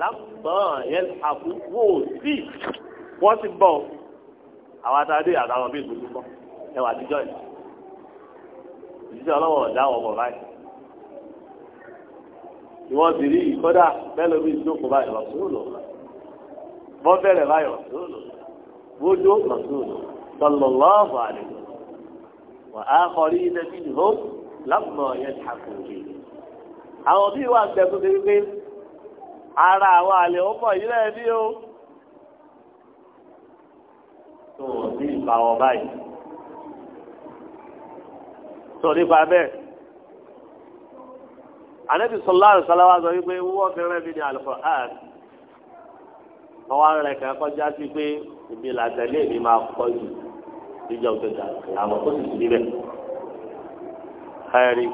Speaker 1: lámbọ̀n yẹn àbúwò sí wọ́n ti bọ̀ àwọn adarí àtàwọn òbí ìdìbò bọ̀ ẹwà àtijọ́ yìí ìdíjọ́ ọlọ́wọ́ ọ̀dá wọn bọ̀ báyìí ìwọ́n ti rí ìkọ́dà bẹ́ẹ̀ lómi ìdókòó báyìí lọ sóòlù ọ̀la bọ́ bẹ̀rẹ̀ báyọ̀ bójú màsúlù sọlọ́lọ́ọ̀bù àlejò wà á kọrí nẹ́bí nìhó lámọ̀ yẹn ti àkùn òbí. àwọn bí wà gbẹ̀kú ti pé ara àwọn àlè ó pọ̀ yìí lẹ́ẹ̀bí o. tó o sì bá wọn báyìí. sọ nípa bẹ́ẹ̀ anabi sọlá àrùsálà sọ wípé wọ́n fẹ́rẹ́ mi ní àlùfáà àti wọn wá rẹ kàn kọjá sí pé ibi làtẹlẹ mi máa kọ jù níjọ gbẹgbẹ àmọ́ kó sì sí níbẹ̀. ẹ̀rí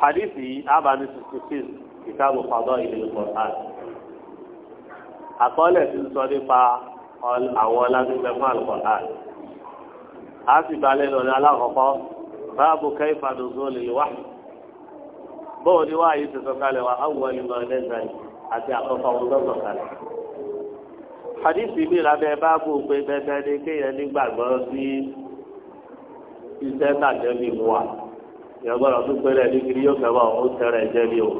Speaker 1: hadithi abani sixty six kitabu fadọ ìlú kọ̀ọ̀tàn àkọọ́lẹ̀ ti sọ nípa àwọn ọlágbẹ́gbẹ́ fún àlùkọ̀ọ̀tàn a sì balẹ̀ lọ ní alákọ̀ọ́kọ́ báàbù kẹ́fà dùnzó lè wá bóun ni wáyé ti sọ̀kalẹ̀ wa awùwẹ̀ ni mọ̀ ẹ́ lẹ́sẹ̀ àti àkọ́kọ́ ọ̀hún tó sọ̀kalẹ̀ hadisi mi lábẹ́ báàbò pé dandan ni kéèyàn nígbàgbọ́ sí iṣẹ́ tàjẹ́bí mu wa èèyàn gbọ́dọ̀ tó péré ní kiri yóò kẹ́wọ́ ó tẹ̀rẹ̀ jẹ́bi o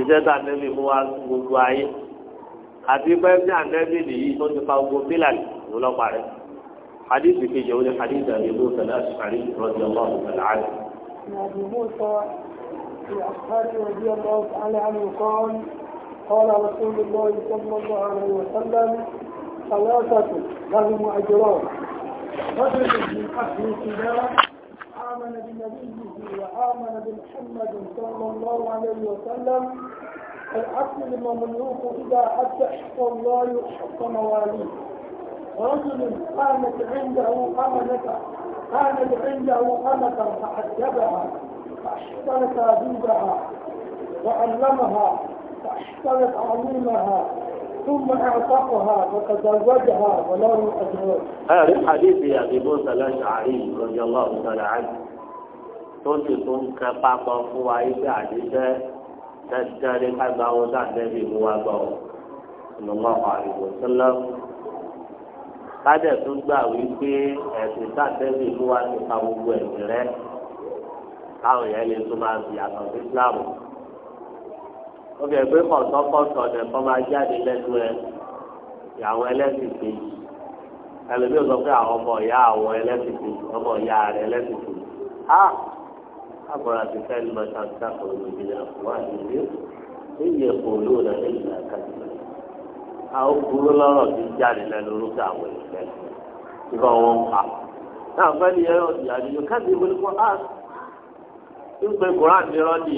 Speaker 1: iṣẹ́ tàjẹ́bí mu wa gbogbo ayé àti pé ní ànẹ́bí nìyí tó ti fa gbogbo bílàlì lọ́pàá rẹ̀ hadisi kejì ó ní hadisi àbí mú sọlá sùkàrí rọ́bì ọlọ́run sọlá àlẹ́.
Speaker 3: ìyàbí mú sọ ìyàbí قال رسول الله صلى الله عليه وسلم ثلاثة لهم أجران رجل من أهل الكتاب آمن بنبيه وآمن بمحمد صلى الله عليه وسلم العقل المملوك إذا حتى حق الله حق مواليه رجل كانت عنده أمنة كانت عنده أمة فحجبها فأحسن تعذيبها وعلمها فأحسنت عميمها ثم اعتقها وتزوجها وله أزواج.
Speaker 1: هذا الحديث أبي موسى الأشعري رضي الله تعالى عنه tó ti tó ń kan pápọ̀ fún wa yìí pé àdéhùn dandan ní ká gba ohun tá à ń dẹ́bi mú wa gbọ́ ọ̀nàmọ́ àìwò sílẹ̀. Kájẹ̀ tó gbà wípé ẹ̀sìn tá à ń dẹ́bi mú wa nípa gbogbo ẹ̀sìn rẹ̀ káwọn yẹn lè tó fi àtọ̀ sí Islam ó bẹ̀ pé kọ̀tọ́kọ̀tọ̀ ọ̀dẹ̀ kọ́ máa jáde lẹ́nu ẹ ìyàwó ẹlẹ́sìn kejì ẹlòmí ò sọ pé àwọn ọmọ ìyá àwọn ẹlẹ́sìn kejì ọmọ ìyá rẹ̀ ẹlẹ́sìn kejì á àbọ̀rọ̀ àti fẹ́ẹ́ lọ ṣàtúnṣà kọ̀ọ̀ lòdìdì àfọwọ́ àti ìlú èyí ẹ̀kọ́ olóòrùn náà lẹ́yìn náà kàdìmọ̀ àwọn burú lọ́rọ̀ ti jáde lẹ́nu orúkọ àwọn ìfẹ́ ìfọ̀ wọn pa náà fẹ́ẹ́ ni ẹ̀rọ ìyàdìyàn káàdì ìwé kọ́ á ń pe koran ní rọ́ọ̀dì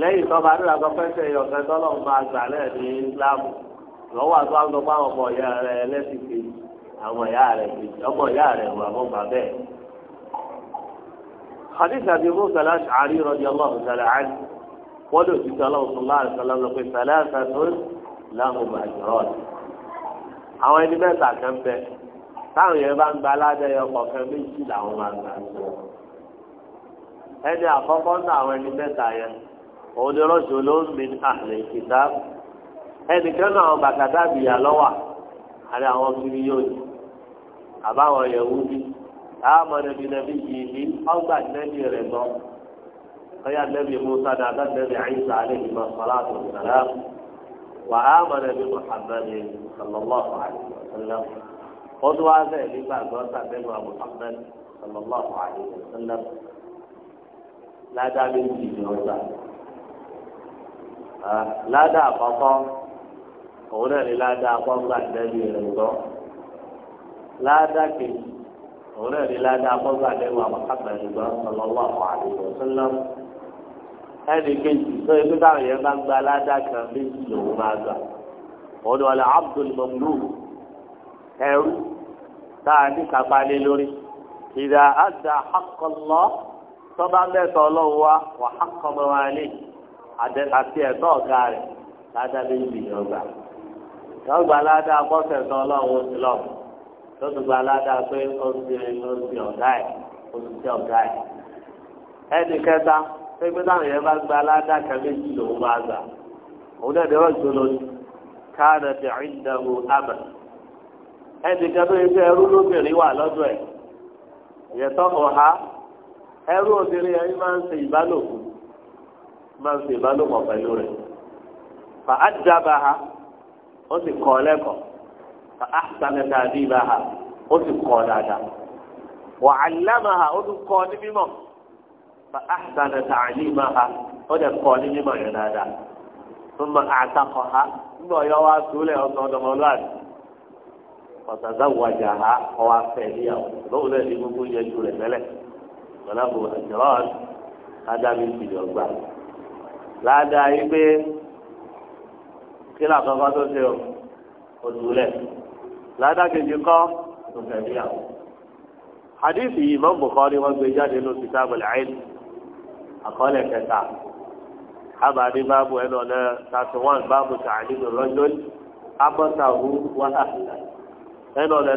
Speaker 1: lẹ́yìn tó bá dúró àgbà pẹ́sẹ̀ ọ̀sẹ̀ tọ́lọ̀ máa gbà náà ní islamu lọ́wọ́ àti wọn gbọ́ àwọn ọmọ ìyá rẹ ẹlẹ́sìn kejì àwọn ìyá rẹ kejì ọmọ ìyá rẹ wà mọ́ bàbẹ́ ẹ̀. حديث أبي موسى الأشعري رضي الله تعالى عنه ولو تسأله صلى الله عليه وسلم لقل ثلاثة لهم أجران àwọn ẹni mẹ́ta kan bẹ táwọn yẹn bá ń gba aládé yẹn kọ̀ọ̀kan méjì làwọn máa gbà ń sọ ẹni àkọ́kọ́ ní àwọn ẹni mẹ́ta yẹn òun ni rọ́ṣù ló ń min àlè kìtá ẹnìkan náà àwọn bàtàtà bìyà lọ́wà àti àwọn kiri yóò ní àbáwọn yẹ̀wù bí táwọn nàbí nàbí yìí ní ọgbà nàbí rẹ̀ gbọ́ ọyà nàbí musa náà àti nàbí àyíṣà àlejò máa sọlá tó sàlá wà á mọ nàbí muhammad sallallahu alayhi wa sallam ó tún wá sẹ́yìn nígbà gbọ́ sàbẹ̀wò muhammad sallallahu alayhi wa sallam ládàá méjì ni ó sàlẹ̀ ládà àkọ́kọ́ òun náà ní ládà àkọ́gbà nẹ́bí rẹ̀ gbọ́ ládà kejì òun náà ní ládà àkọ́gbà nẹ́bí àmọ́kàtà rẹ̀ gbọ́ sallallahu alaihi wasallam ẹnì kejì tó yẹ kí táwọn yẹn bá gba ládà kan méjì lòun máa gbà òun ni wọn lè abdul mamluk ẹrú táà ní kápálẹ́ lórí ìdá àdá àkọlọ́ tọ́ba mẹ́tọ́ ọlọ́run wa wà á kọ́ mọ́ wa lẹ́yìn. àti ẹ̀tọ́ ọ̀gá rẹ̀ ládàá méjì ni ọgbà yọ gba ládàá bọ́sẹ̀ tán ọlọ́run ti lọ yóò tún gba ládàá pé ó ti ti ọ̀gá ẹ̀ ó ti ti ọ̀gá ẹ̀ ẹnì kẹta pé pé táwọn yẹn bá gba ládàá bá gbà òun náà káàdà ti àmà yẹ kí ẹrú lóbìnrin wà lọ́dọ̀ ẹ̀ ma ń ṣe ìbálòpọ̀ pẹ̀lú rẹ̀ fa adábàá ó sì kọ́ lẹ́kọ̀ọ́ fa àṣàmẹ́ta àdìbàá ó sì kọ́ dáadáa wà á ha ó tún kọ́ ní mímọ́ fa àṣàmẹ́ta àdìbàá ó dẹ̀ kọ́ ní mímọ́ yẹn dáadáa ma ha yọ wá sólẹ̀ ọ̀sán ha níyàwó gbogbo yẹn ju rẹ̀ mẹ́lẹ̀ láàdá yìí pé kí làkọ́kọ́ tó ṣe o dùlẹ̀ láàdá kejì kọ́ tó tẹ̀lé àwọn. hadith yìí Imam Bukhari wọ́n gbé jáde ló ti sábà láìlì àkọọ́lẹ̀ kẹta abàdí báàbù ẹnu ọ̀nà thirty one báàbù tààlí lọ́jọ́ abọ́tàwù wàhálà ẹnu ọ̀nà.